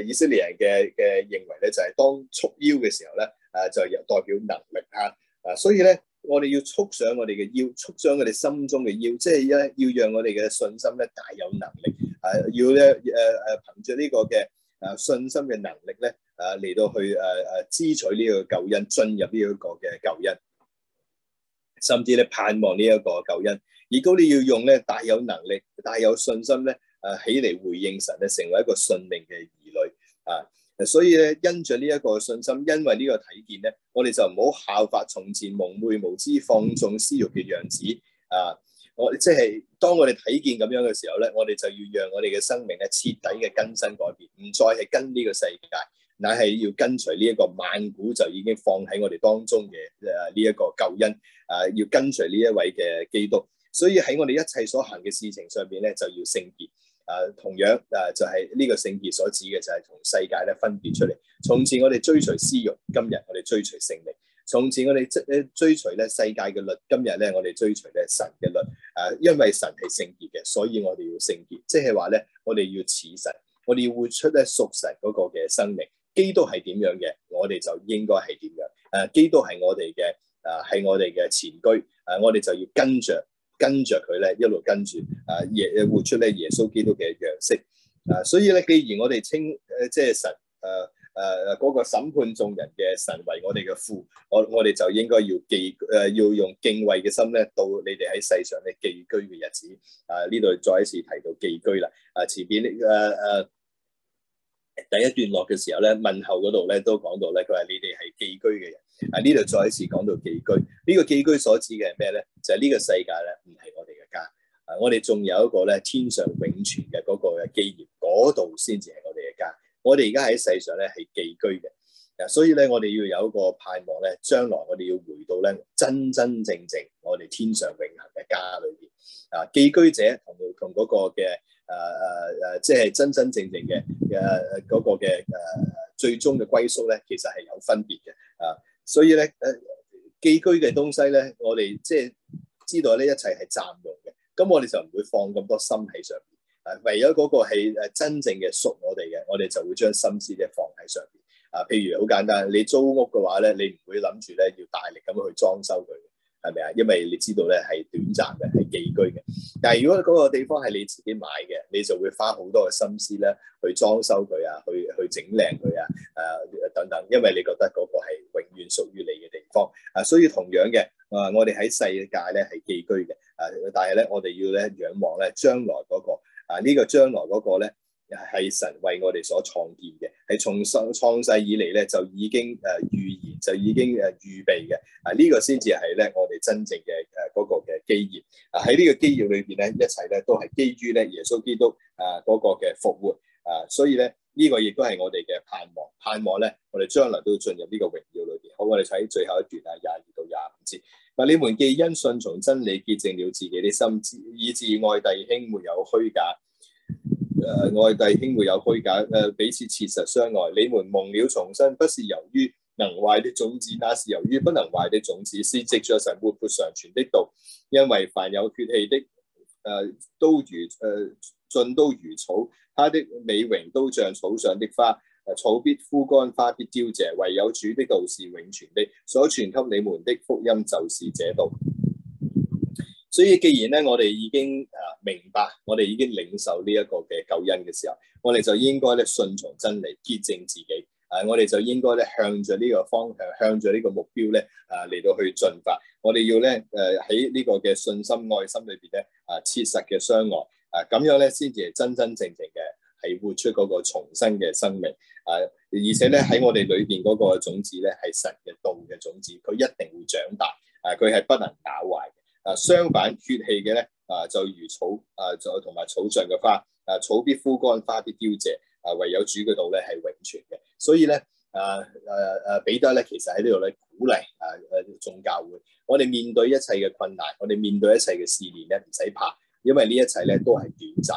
Speaker 1: 以誒以色列人嘅嘅認為咧，就係、是、當束腰嘅時候咧，誒、啊、就係代表能力啊！啊，所以咧，我哋要束上我哋嘅腰，束上我哋心中嘅腰，即係咧要讓我哋嘅信心咧，大有能力啊！要咧誒誒，憑、啊、著呢個嘅啊信心嘅能力咧，啊嚟到去誒誒、啊、支取呢個救恩，進入呢一個嘅救恩，甚至咧盼望呢一個救恩。而嗰你要用咧，大有能力，大有信心咧。誒起嚟回應神咧，成為一個信命嘅兒女啊！所以咧，因著呢一個信心，因為呢個體見咧，我哋就唔好效法從前蒙昧無知、放縱私欲嘅樣子啊！我即係當我哋體見咁樣嘅時候咧，我哋就要讓我哋嘅生命咧徹底嘅更新改變，唔再係跟呢個世界，乃係要跟隨呢一個萬古就已經放喺我哋當中嘅誒呢一個救恩啊！要跟隨呢一位嘅基督，所以喺我哋一切所行嘅事情上邊咧，就要聖潔。啊，同樣啊，就係呢個聖潔所指嘅，就係同世界咧分別出嚟。從前我哋追隨私欲，今日我哋追隨聖靈；從前我哋追追隨咧世界嘅律，今日咧我哋追隨咧神嘅律。啊，因為神係聖潔嘅，所以我哋要聖潔，即係話咧，我哋要似神，我哋要活出咧屬神嗰個嘅生命。基督係點樣嘅，我哋就應該係點樣。啊，基督係我哋嘅啊，係我哋嘅前驅，啊，我哋就要跟著。跟著佢咧，一路跟住啊，耶活出咧耶穌基督嘅樣式啊，所以咧，既然我哋稱誒即係神誒誒誒嗰個審判眾人嘅神為我哋嘅父，我我哋就應該要敬誒、呃、要用敬畏嘅心咧，到你哋喺世上咧寄居嘅日子啊，呢度再一次提到寄居啦啊，前邊誒誒。啊啊第一段落嘅時候咧，問候嗰度咧都講到咧，佢話你哋係寄居嘅人。啊，呢度再一次講到寄居。呢、這個寄居所指嘅係咩咧？就係、是、呢個世界咧唔係我哋嘅家。啊，我哋仲有一個咧天上永存嘅嗰個嘅基業，嗰度先至係我哋嘅家。我哋而家喺世上咧係寄居嘅。嗱、啊，所以咧我哋要有一個盼望咧，將來我哋要回到咧真真正正我哋天上永恆嘅家裏面。啊，寄居者同同嗰個嘅。誒誒誒，即係真真正正嘅嘅嗰個嘅誒、啊、最終嘅歸宿咧，其實係有分別嘅啊。所以咧誒、啊、寄居嘅東西咧，我哋即係知道呢一切係暫用嘅，咁我哋就唔會放咁多心喺上邊啊。唯有嗰個係真正嘅屬我哋嘅，我哋就會將心思咧放喺上邊啊。譬如好簡單，你租屋嘅話咧，你唔會諗住咧要大力咁去裝修佢。係咪啊？因為你知道咧係短暫嘅，係寄居嘅。但係如果嗰個地方係你自己買嘅，你就會花好多嘅心思咧去裝修佢啊，去去，去整靚佢啊，誒、呃、等等。因為你覺得嗰個係永遠屬於你嘅地方啊。所以同樣嘅、呃，啊我哋喺世界咧係寄居嘅，啊但係咧我哋要咧仰望咧將來嗰個啊呢個將來嗰個咧。係神為我哋所創建嘅，係從創世以嚟咧就已經誒預言就已經誒預備嘅，啊、這個、呢個先至係咧我哋真正嘅誒嗰個嘅基業，啊喺呢、那個啊、個基業裏邊咧，一切咧都係基於咧耶穌基督啊嗰、那個嘅復活啊，所以咧呢、這個亦都係我哋嘅盼望，盼望咧我哋將來都進入呢個榮耀裏邊。好，我哋睇最後一段啊，廿二,二到廿五節。嗱，你們既因信從真理潔淨了自己的心志，以致愛弟兄沒有虛假。誒、呃、愛弟兄沒有虛假，誒、呃、彼此切實相愛。你們蒙了重生，不是由於能壞的種子，那是由於不能壞的種子。是藉著神活潑常存的道，因為凡有血氣的，誒、呃、都如誒盡、呃、都如草，他的美榮都像草上的花。誒草必枯乾，花必凋謝，唯有主的道是永存的。所傳給你們的福音就是這道。所以既然呢，我哋已經，呃明白，我哋已經領受呢一個嘅救恩嘅時候，我哋就應該咧順從真理，潔淨自己。誒，我哋就應該咧向著呢個方向，向著呢個目標咧，誒嚟到去進發。我哋要咧誒喺呢個嘅信心、愛心裏邊咧，啊，切實嘅相愛。誒，咁樣咧先至係真真正正嘅係活出嗰個重生嘅生命。誒，而且咧喺我哋裏邊嗰個種子咧係神嘅道嘅種子，佢一定會長大。誒，佢係不能搞壞嘅。誒，相反血氣嘅咧。啊，就如草啊，就同埋草上嘅花啊，草必枯乾，花必凋謝，啊，唯有主嘅道咧係永存嘅。所以咧啊啊啊，彼得咧，其實喺呢度咧鼓勵啊誒眾、啊、教會，我哋面對一切嘅困難，我哋面對一切嘅試煉咧唔使怕，因為呢一切咧都係短暫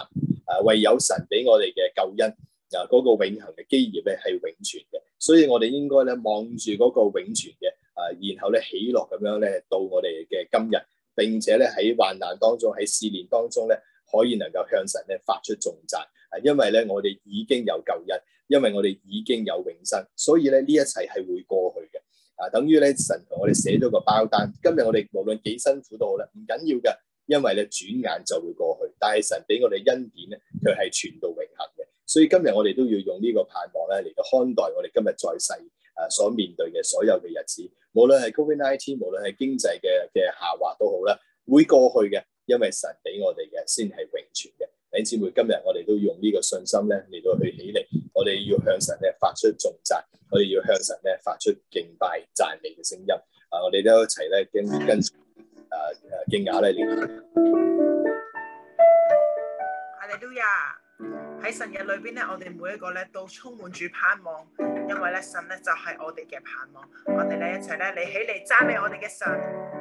Speaker 1: 啊，唯有神俾我哋嘅救恩啊嗰、那個永恆嘅基業咧係永存嘅，所以我哋應該咧望住嗰個永存嘅啊，然後咧喜樂咁樣咧到我哋嘅今日。並且咧喺患難當中，喺試煉當中咧，可以能夠向神咧發出重贊，啊，因為咧我哋已經有救恩，因為我哋已經有永生，所以咧呢一切係會過去嘅，啊，等於咧神同我哋寫咗個包單。今日我哋無論幾辛苦都好咧，唔緊要嘅，因為咧轉眼就會過去。但係神俾我哋恩典咧，佢係全到永恆嘅，所以今日我哋都要用呢個盼望咧嚟到看待我哋今日在世。誒所面對嘅所有嘅日子，無論係 Covid nineteen，無論係經濟嘅嘅下滑都好啦，會過去嘅，因為神俾我哋嘅先係永存嘅。弟兄姊妹，今日我哋都用呢個信心咧嚟到去起嚟，我哋要向神咧發出重讚，我哋要向神咧發出敬拜讚美嘅聲音的啊。啊，我哋都一齊咧跟跟誒誒敬亞咧嚟。阿利路亞喺神嘅裏邊咧，我哋每一個咧都充滿住盼望。
Speaker 2: 因為咧，神咧就係我哋嘅盼望，我哋咧一齊咧嚟起嚟讚美我哋嘅神。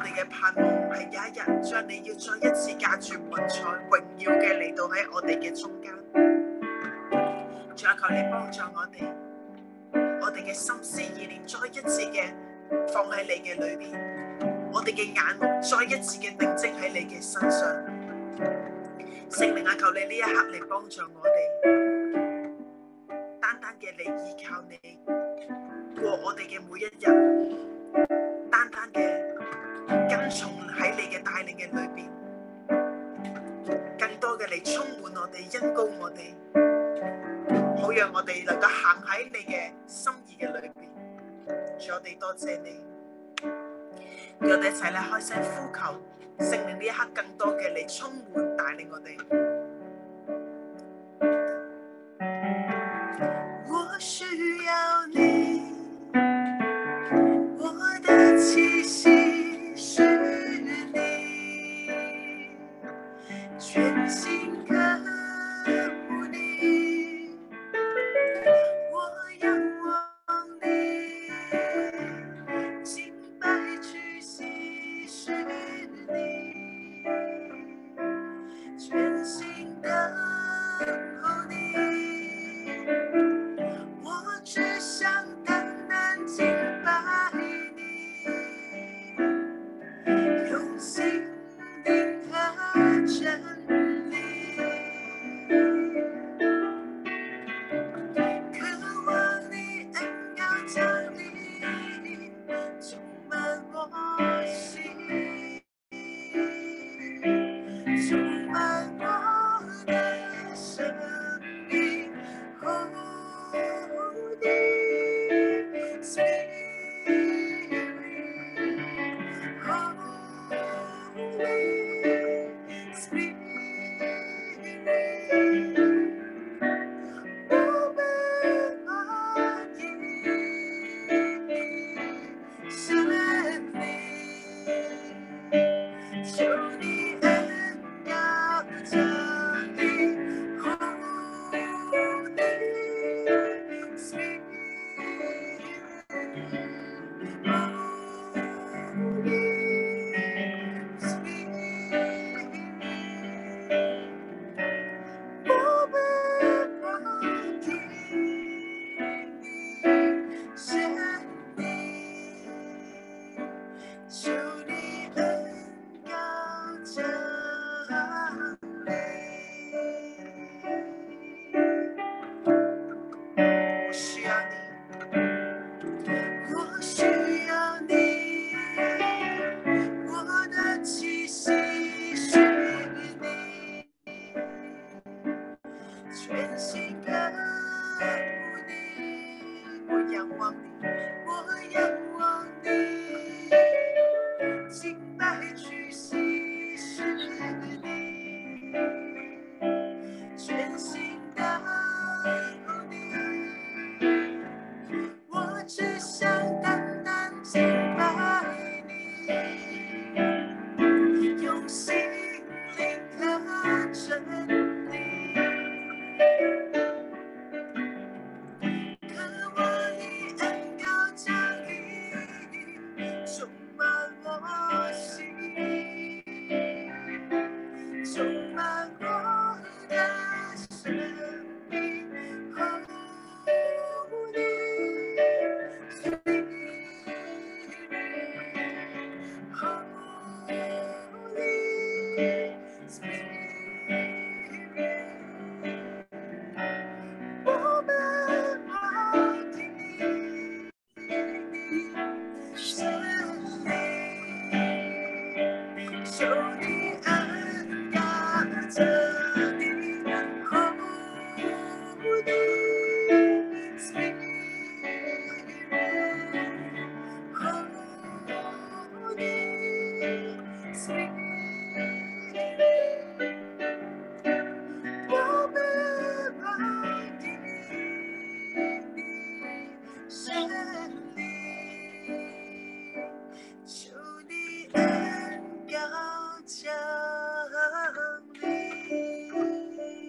Speaker 2: 我哋嘅盼望係有一日，將你要再一次架住雲彩榮耀嘅嚟到喺我哋嘅中間。再求你幫助我哋，我哋嘅心思意念再一次嘅放喺你嘅裏邊，我哋嘅眼再一次嘅定睛喺你嘅身上。聖靈啊，求你呢一刻嚟幫助我哋，單單嘅嚟依靠你，過我哋嘅每一日，單單嘅。重喺你嘅帶領嘅裏邊，更多嘅嚟充滿我哋，恩膏我哋，好讓我哋能夠行喺你嘅心意嘅裏邊。我哋多謝你，我哋一齊嚟開聲呼求，聖靈呢一刻更多嘅嚟充滿帶領我哋。
Speaker 3: 全心歌。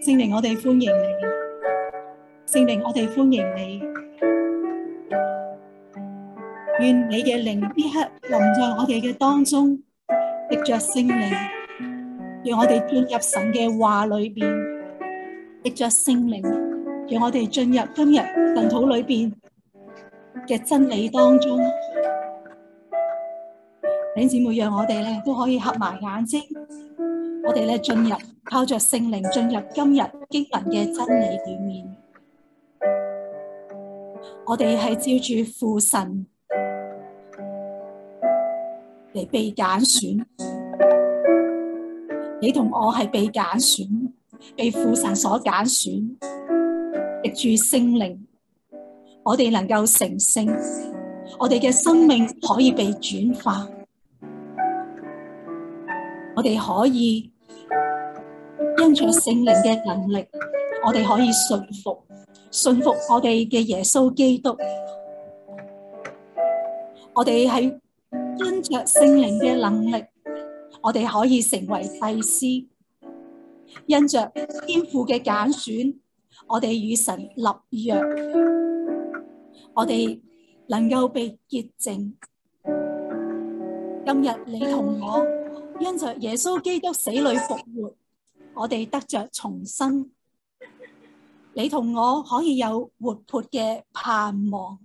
Speaker 4: 聖靈，我哋歡迎你。聖靈，我哋歡迎你。願你嘅靈，此刻臨在我哋嘅當中，藉著聖靈。讓我哋進入神嘅話裏邊，藉著聖靈。讓我哋進入今日墳土裏邊嘅真理當中。弟兄姊妹，讓我哋咧都可以合埋眼睛，我哋咧進入。靠着聖靈進入今日經文嘅真理裏面，我哋係照住父神嚟被揀選，你同我係被揀選，被父神所揀選，藉住聖靈，我哋能夠成聖，我哋嘅生命可以被轉化，我哋可以。因着聖靈嘅能力，我哋可以順服，信服我哋嘅耶穌基督。我哋喺因着聖靈嘅能力，我哋可以成為祭司。因着天父嘅揀選，我哋與神立約，我哋能夠被潔淨。今日你同我因着耶穌基督死裏復活。我哋得着重生，你同我可以有活潑嘅盼望，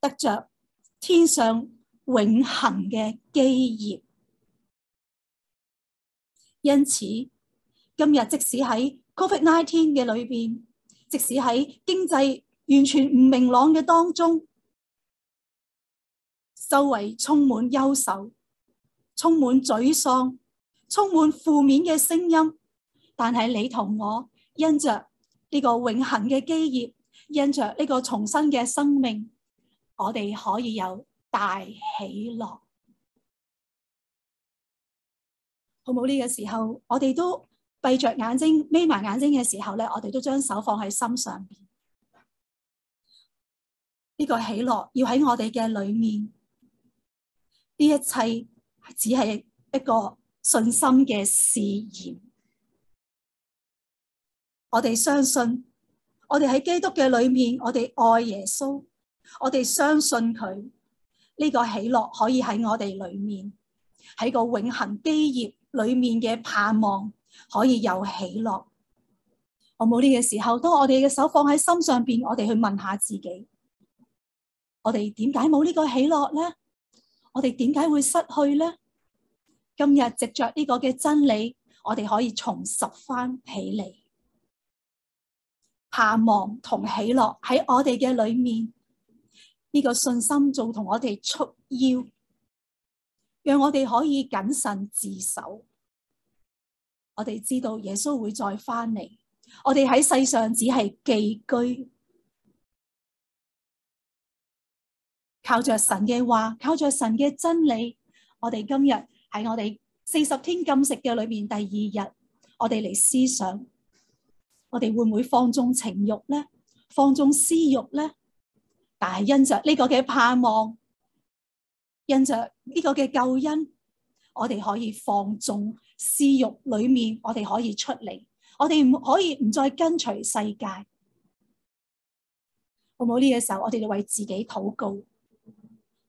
Speaker 4: 得着天上永恒嘅基業。因此，今日即使喺 COVID-19 嘅裏邊，即使喺經濟完全唔明朗嘅當中，周圍充滿憂愁、充滿沮喪、充滿負面嘅聲音。但係你同我因着呢個永恒嘅基業，因着呢個重生嘅生命，我哋可以有大喜樂，好冇？呢個時候，我哋都閉着眼睛，眯埋眼睛嘅時候咧，我哋都將手放喺心上邊。呢個喜樂要喺我哋嘅裏面，呢一切只係一個信心嘅試驗。我哋相信，我哋喺基督嘅裏面，我哋愛耶穌，我哋相信佢呢個喜樂可以喺我哋裏面，喺個永恒基業裏面嘅盼望可以有喜樂。我冇呢個時候，當我哋嘅手放喺心上邊，我哋去問下自己，我哋點解冇呢個喜樂咧？我哋點解會失去咧？今日藉着呢個嘅真理，我哋可以重拾翻起嚟。盼望同喜樂喺我哋嘅裏面，呢個信心做同我哋束腰，讓我哋可以謹慎自守。我哋知道耶穌會再翻嚟，我哋喺世上只係寄居，靠着神嘅話，靠着神嘅真理。我哋今日喺我哋四十天禁食嘅裏面，第二日我哋嚟思想。我哋會唔會放縱情欲咧？放縱私欲咧？但係因着呢個嘅盼望，因着呢個嘅救恩，我哋可以放縱私欲裏面，我哋可以出嚟。我哋唔可以唔再跟隨世界，好唔好呢？嘅、這個、時候，我哋就為自己禱告，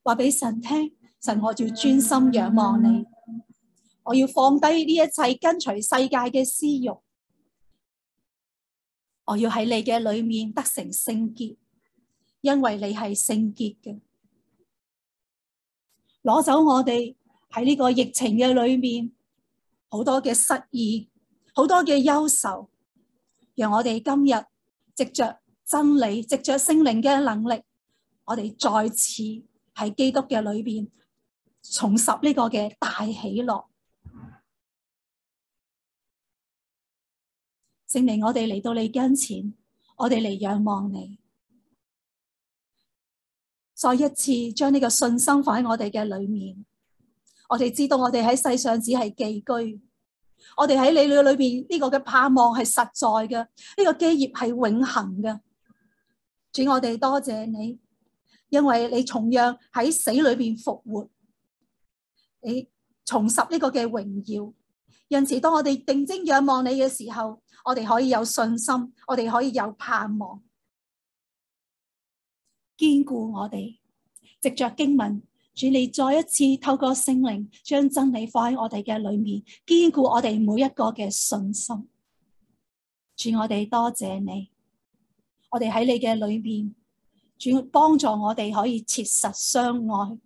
Speaker 4: 話俾神聽：神，我要專心仰望你，我要放低呢一切跟隨世界嘅私欲。我要喺你嘅裏面得成聖潔，因為你係聖潔嘅。攞走我哋喺呢個疫情嘅裏面好多嘅失意，好多嘅憂愁，讓我哋今日藉着真理，藉着聖靈嘅能力，我哋再次喺基督嘅裏邊重拾呢個嘅大喜樂。證明我哋嚟到你跟前，我哋嚟仰望你，再一次將呢個信心放喺我哋嘅裏面。我哋知道我哋喺世上只係寄居，我哋喺你裏裏邊呢個嘅盼望係實在嘅，呢、這個基業係永恆嘅。主，我哋多謝你，因為你重樣喺死裏邊復活，你重拾呢個嘅榮耀。因此，當我哋定睛仰望你嘅時候，我哋可以有信心，我哋可以有盼望，堅固我哋，藉着經文，主你再一次透過聖靈將真理放喺我哋嘅裏面，堅固我哋每一個嘅信心。主，我哋多謝你，我哋喺你嘅裏面，主幫助我哋可以切實相愛，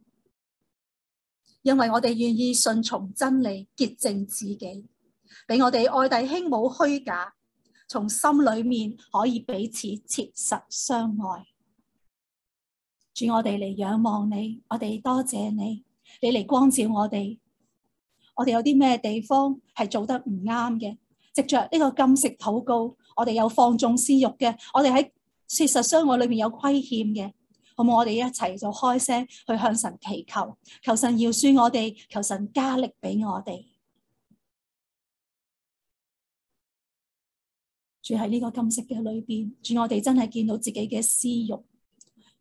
Speaker 4: 因為我哋願意順從真理，潔淨自己。俾我哋愛弟兄冇虛假，從心裏面可以彼此切實相愛。主我哋嚟仰望你，我哋多謝你，你嚟光照我哋。我哋有啲咩地方係做得唔啱嘅？藉着呢個禁食禱告，我哋有放縱私欲嘅，我哋喺切實相愛裏面有虧欠嘅，好冇？我哋一齊就開聲去向神祈求，求神饒恕我哋，求神加力俾我哋。住喺呢個金色嘅裏邊，住我哋真係見到自己嘅私欲，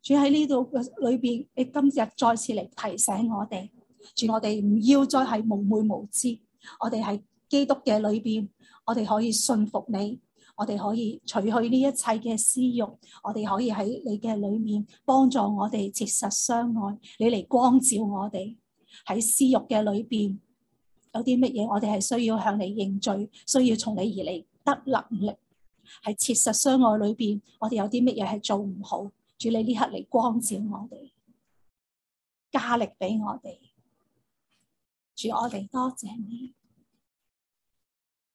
Speaker 4: 住喺呢度嘅裏邊，你今日再次嚟提醒我哋，住我哋唔要再係蒙昧無知，我哋喺基督嘅裏邊，我哋可以信服你，我哋可以除去呢一切嘅私欲，我哋可以喺你嘅裏面幫助我哋切實相愛，你嚟光照我哋喺私欲嘅裏邊有啲乜嘢，我哋係需要向你認罪，需要從你而嚟得能力。係切實相愛裏邊，我哋有啲乜嘢係做唔好？主，你呢刻嚟光照我哋，加力俾我哋。主，我哋多謝你，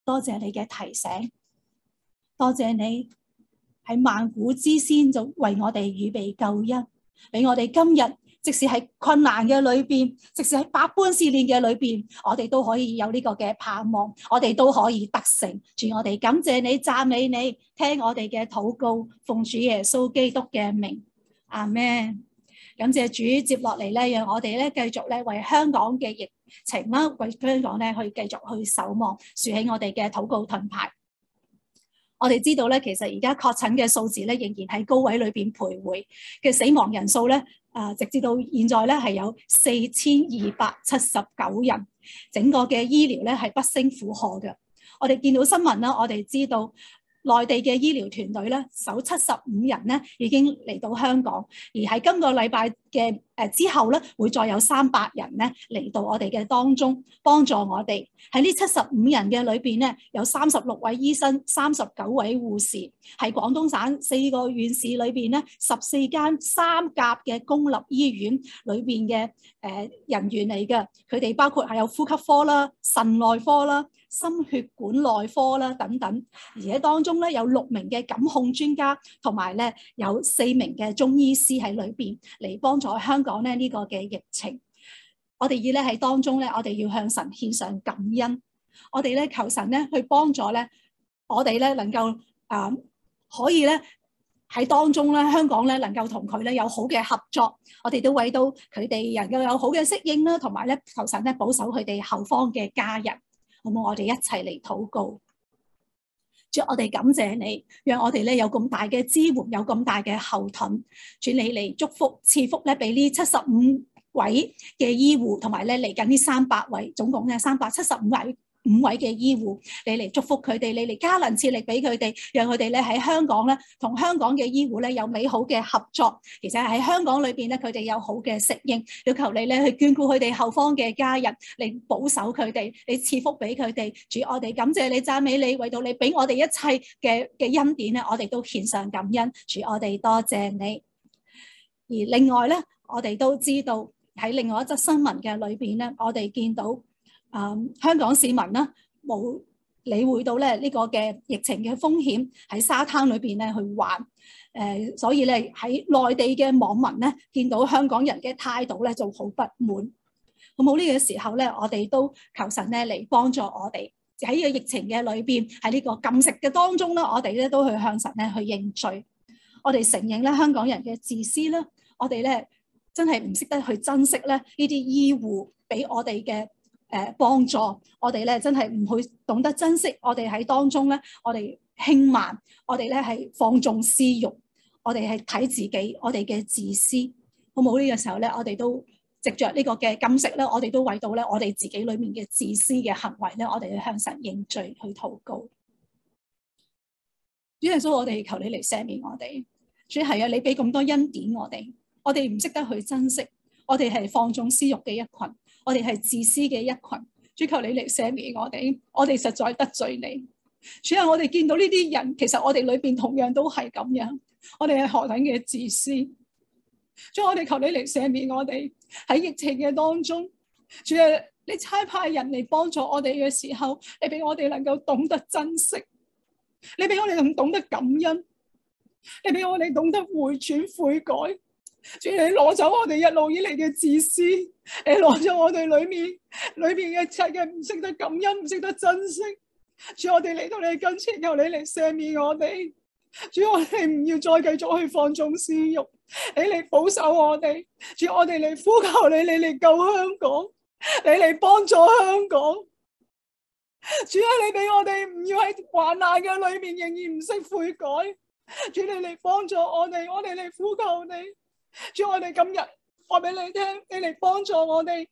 Speaker 4: 多謝你嘅提醒，多謝你喺萬古之先就為我哋預備救恩，俾我哋今日。即使喺困難嘅裏邊，即使喺百般試煉嘅裏邊，我哋都可以有呢個嘅盼望，我哋都可以得勝。主，我哋感謝你讚美你，聽我哋嘅禱告，奉主耶穌基督嘅名，阿們。感謝主，接落嚟咧，讓我哋咧繼續咧為香港嘅疫情啦，為香港咧去繼續去守望，豎起我哋嘅禱告盾牌。我哋知道咧，其實而家確診嘅數字咧仍然喺高位裏邊徘徊，其實死亡人數咧。啊！直至到現在咧，係有四千二百七十九人，整個嘅醫療咧係不勝負荷嘅。我哋見到新聞啦，我哋知道。內地嘅醫療團隊咧，首七十五人咧已經嚟到香港，而喺今個禮拜嘅誒之後咧，會再有三百人咧嚟到我哋嘅當中幫助我哋。喺呢七十五人嘅裏邊咧，有三十六位醫生、三十九位護士，係廣東省四個縣市裏邊咧十四間三甲嘅公立醫院裏邊嘅誒人員嚟嘅。佢哋包括係有呼吸科啦、腎內科啦。心血管內科啦等等，而且當中咧有六名嘅感控專家，同埋咧有四名嘅中醫師喺裏邊嚟幫助香港咧呢、這個嘅疫情。我哋以咧喺當中咧，我哋要向神獻上感恩，我哋咧求神咧去幫助咧，我哋咧能夠啊、呃、可以咧喺當中咧香港咧能夠同佢咧有好嘅合作，我哋都為到佢哋能夠有好嘅適應啦，同埋咧求神咧保守佢哋後方嘅家人。好冇？我哋一齊嚟禱告。主，我哋感謝你，讓我哋咧有咁大嘅支援，有咁大嘅後盾。主，你嚟祝福、賜福咧，俾呢七十五位嘅醫護，同埋咧嚟緊呢三百位，總共嘅三百七十五位。五位嘅醫護，你嚟祝福佢哋，你嚟加能賜力俾佢哋，讓佢哋咧喺香港咧同香港嘅醫護咧有美好嘅合作。其實喺香港裏邊咧，佢哋有好嘅適應。要求你咧去眷顧佢哋後方嘅家人，嚟保守佢哋，你賜福俾佢哋。主，我哋感謝你，讚美你，為到你俾我哋一切嘅嘅恩典咧，我哋都獻上感恩。主，我哋多謝你。而另外咧，我哋都知道喺另外一則新聞嘅裏邊咧，我哋見到。啊！香港市民咧冇理會到咧呢個嘅疫情嘅風險喺沙灘裏邊咧去玩，誒，所以咧喺內地嘅網民咧見到香港人嘅態度咧就好不滿。好冇呢個時候咧，我哋都求神咧嚟幫助我哋喺呢個嘅疫情嘅裏邊，喺呢個禁食嘅當中咧，我哋咧都去向神咧去認罪，我哋承認咧香港人嘅自私啦，我哋咧真係唔識得去珍惜咧呢啲醫護俾我哋嘅。誒，幫助我哋咧，真係唔去懂得珍惜，我哋喺當中咧，我哋輕慢，我哋咧係放縱私欲。我哋係睇自己，我哋嘅自私，好冇呢個時候咧，我哋都藉着呢個嘅金色咧，我哋都為到咧我哋自己裏面嘅自私嘅行為咧，我哋去向神認罪去禱告。主耶穌，我哋求你嚟赦免我哋。主係啊，你俾咁多恩典我哋，我哋唔識得去珍惜，
Speaker 5: 我哋係放縱私欲嘅一群。我哋係自私嘅一群，主求你嚟赦免我哋，我哋實在得罪你。主啊，我哋見到呢啲人，其實我哋裏邊同樣都係咁樣，我哋係何等嘅自私。主啊，我哋求你嚟赦免我哋喺疫情嘅當中，主啊，你差派人嚟幫助我哋嘅時候，你俾我哋能夠懂得珍惜，你俾我哋懂得感恩，你俾我哋懂得回轉悔改。主，你攞走我哋一路以嚟嘅自私，你攞走我哋裏面裏面嘅一切嘅唔識得感恩、唔識得珍惜。主，我哋嚟到你嘅跟前，由你嚟赦免我哋。主，我哋唔要再繼續去放縱私欲，你嚟保守我哋。主，我哋嚟呼求你，你嚟救香港，你嚟幫助香港。主啊，你俾我哋唔要喺患難嘅裏面仍然唔識悔改。主，你嚟幫助我哋，我哋嚟呼求你。主，我哋今日話俾你聽，你嚟幫助我哋，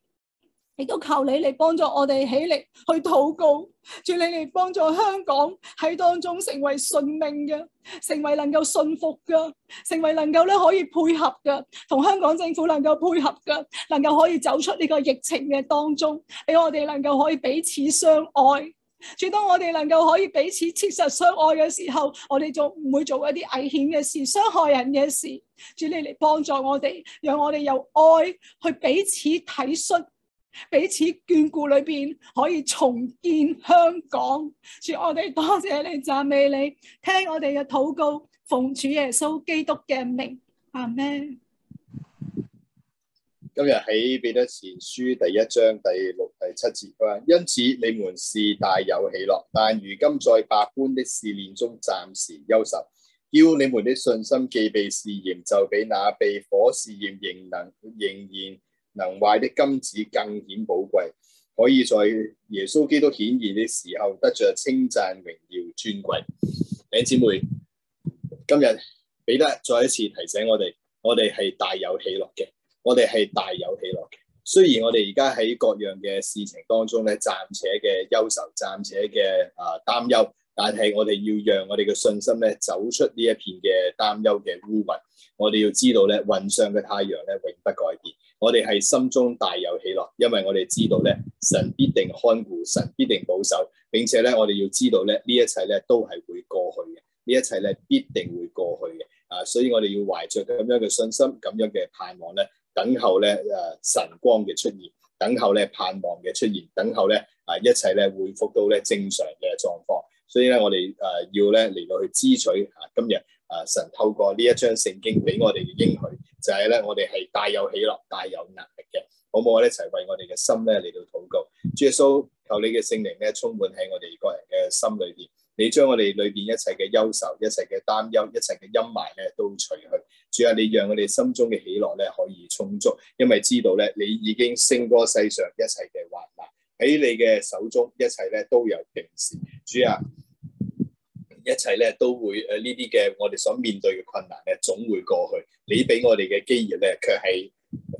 Speaker 5: 亦都靠你嚟幫助我哋起力去禱告。主，你嚟幫助香港喺當中成為順命嘅，成為能夠信服嘅，成為能夠咧可以配合嘅，同香港政府能夠配合嘅，能夠可以走出呢個疫情嘅當中，俾我哋能夠可以彼此相愛。主，當我哋能夠可以彼此切實相愛嘅時候，我哋就唔會做一啲危險嘅事、傷害人嘅事。主你嚟幫助我哋，讓我哋由愛去彼此體恤、彼此眷顧裏邊可以重建香港。主，我哋多謝你、讚美你，聽我哋嘅禱告，奉主耶穌基督嘅名，阿門。
Speaker 1: 今日喺彼得前書第一章第六、第七節，佢話：因此你們是大有喜樂，但如今在百般的試煉中暫時憂愁。叫你們的信心既被試驗，就比那被火試驗仍能、仍然能壞的金子更顯寶貴，可以在耶穌基督顯現的時候得着稱讚、榮耀、尊貴。弟兄姊妹，今日彼得再一次提醒我哋，我哋係大有喜樂嘅。我哋係大有喜樂嘅，雖然我哋而家喺各樣嘅事情當中咧，暫且嘅憂愁，暫且嘅啊擔憂，但係我哋要讓我哋嘅信心咧，走出呢一片嘅擔憂嘅烏雲。我哋要知道咧，雲上嘅太陽咧永不改變。我哋係心中大有喜樂，因為我哋知道咧，神必定看顧，神必定保守，並且咧，我哋要知道咧，呢一切咧都係會過去嘅，呢一切咧必定會過去嘅。啊，所以我哋要懷着咁樣嘅信心，咁樣嘅盼望咧。等候咧，誒神光嘅出現，等候咧盼望嘅出現，等候咧啊一切咧恢復到咧正常嘅狀況。所以咧，我哋誒、呃、要咧嚟到去支取啊今日啊神透過呢一張聖經俾我哋嘅應許，就係、是、咧我哋係大有喜樂、大有能力嘅。好唔好？我哋一齊為我哋嘅心咧嚟到禱告。主耶穌，求你嘅聖靈咧充滿喺我哋個人嘅心裏邊。你將我哋裏邊一切嘅憂愁、一切嘅擔憂、一切嘅陰霾咧，都除去。主啊，你讓我哋心中嘅喜樂咧，可以充足，因為知道咧，你已經勝過世上一切嘅患難。喺你嘅手中一，一切咧都有平時。主啊，一切咧都會誒，呢啲嘅我哋所面對嘅困難咧，總會過去。你俾我哋嘅基業咧，卻係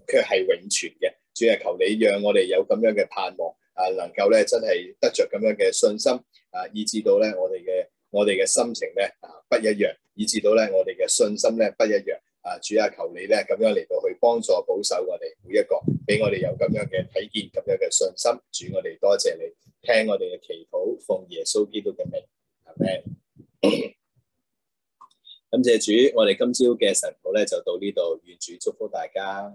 Speaker 1: 卻係永存嘅。主啊，求你讓我哋有咁樣嘅盼望。啊，能夠咧真係得着咁樣嘅信心，啊，以至到咧我哋嘅我哋嘅心情咧啊不一樣，以至到咧我哋嘅信心咧不一樣。啊，主啊，求你咧咁樣嚟到去幫助保守我哋每一個，俾我哋有咁樣嘅體驗、咁樣嘅信心。主，我哋多謝你聽我哋嘅祈禱，奉耶穌基督嘅名，阿門。 感謝主，我哋今朝嘅神普咧就到呢度，願主祝福大家。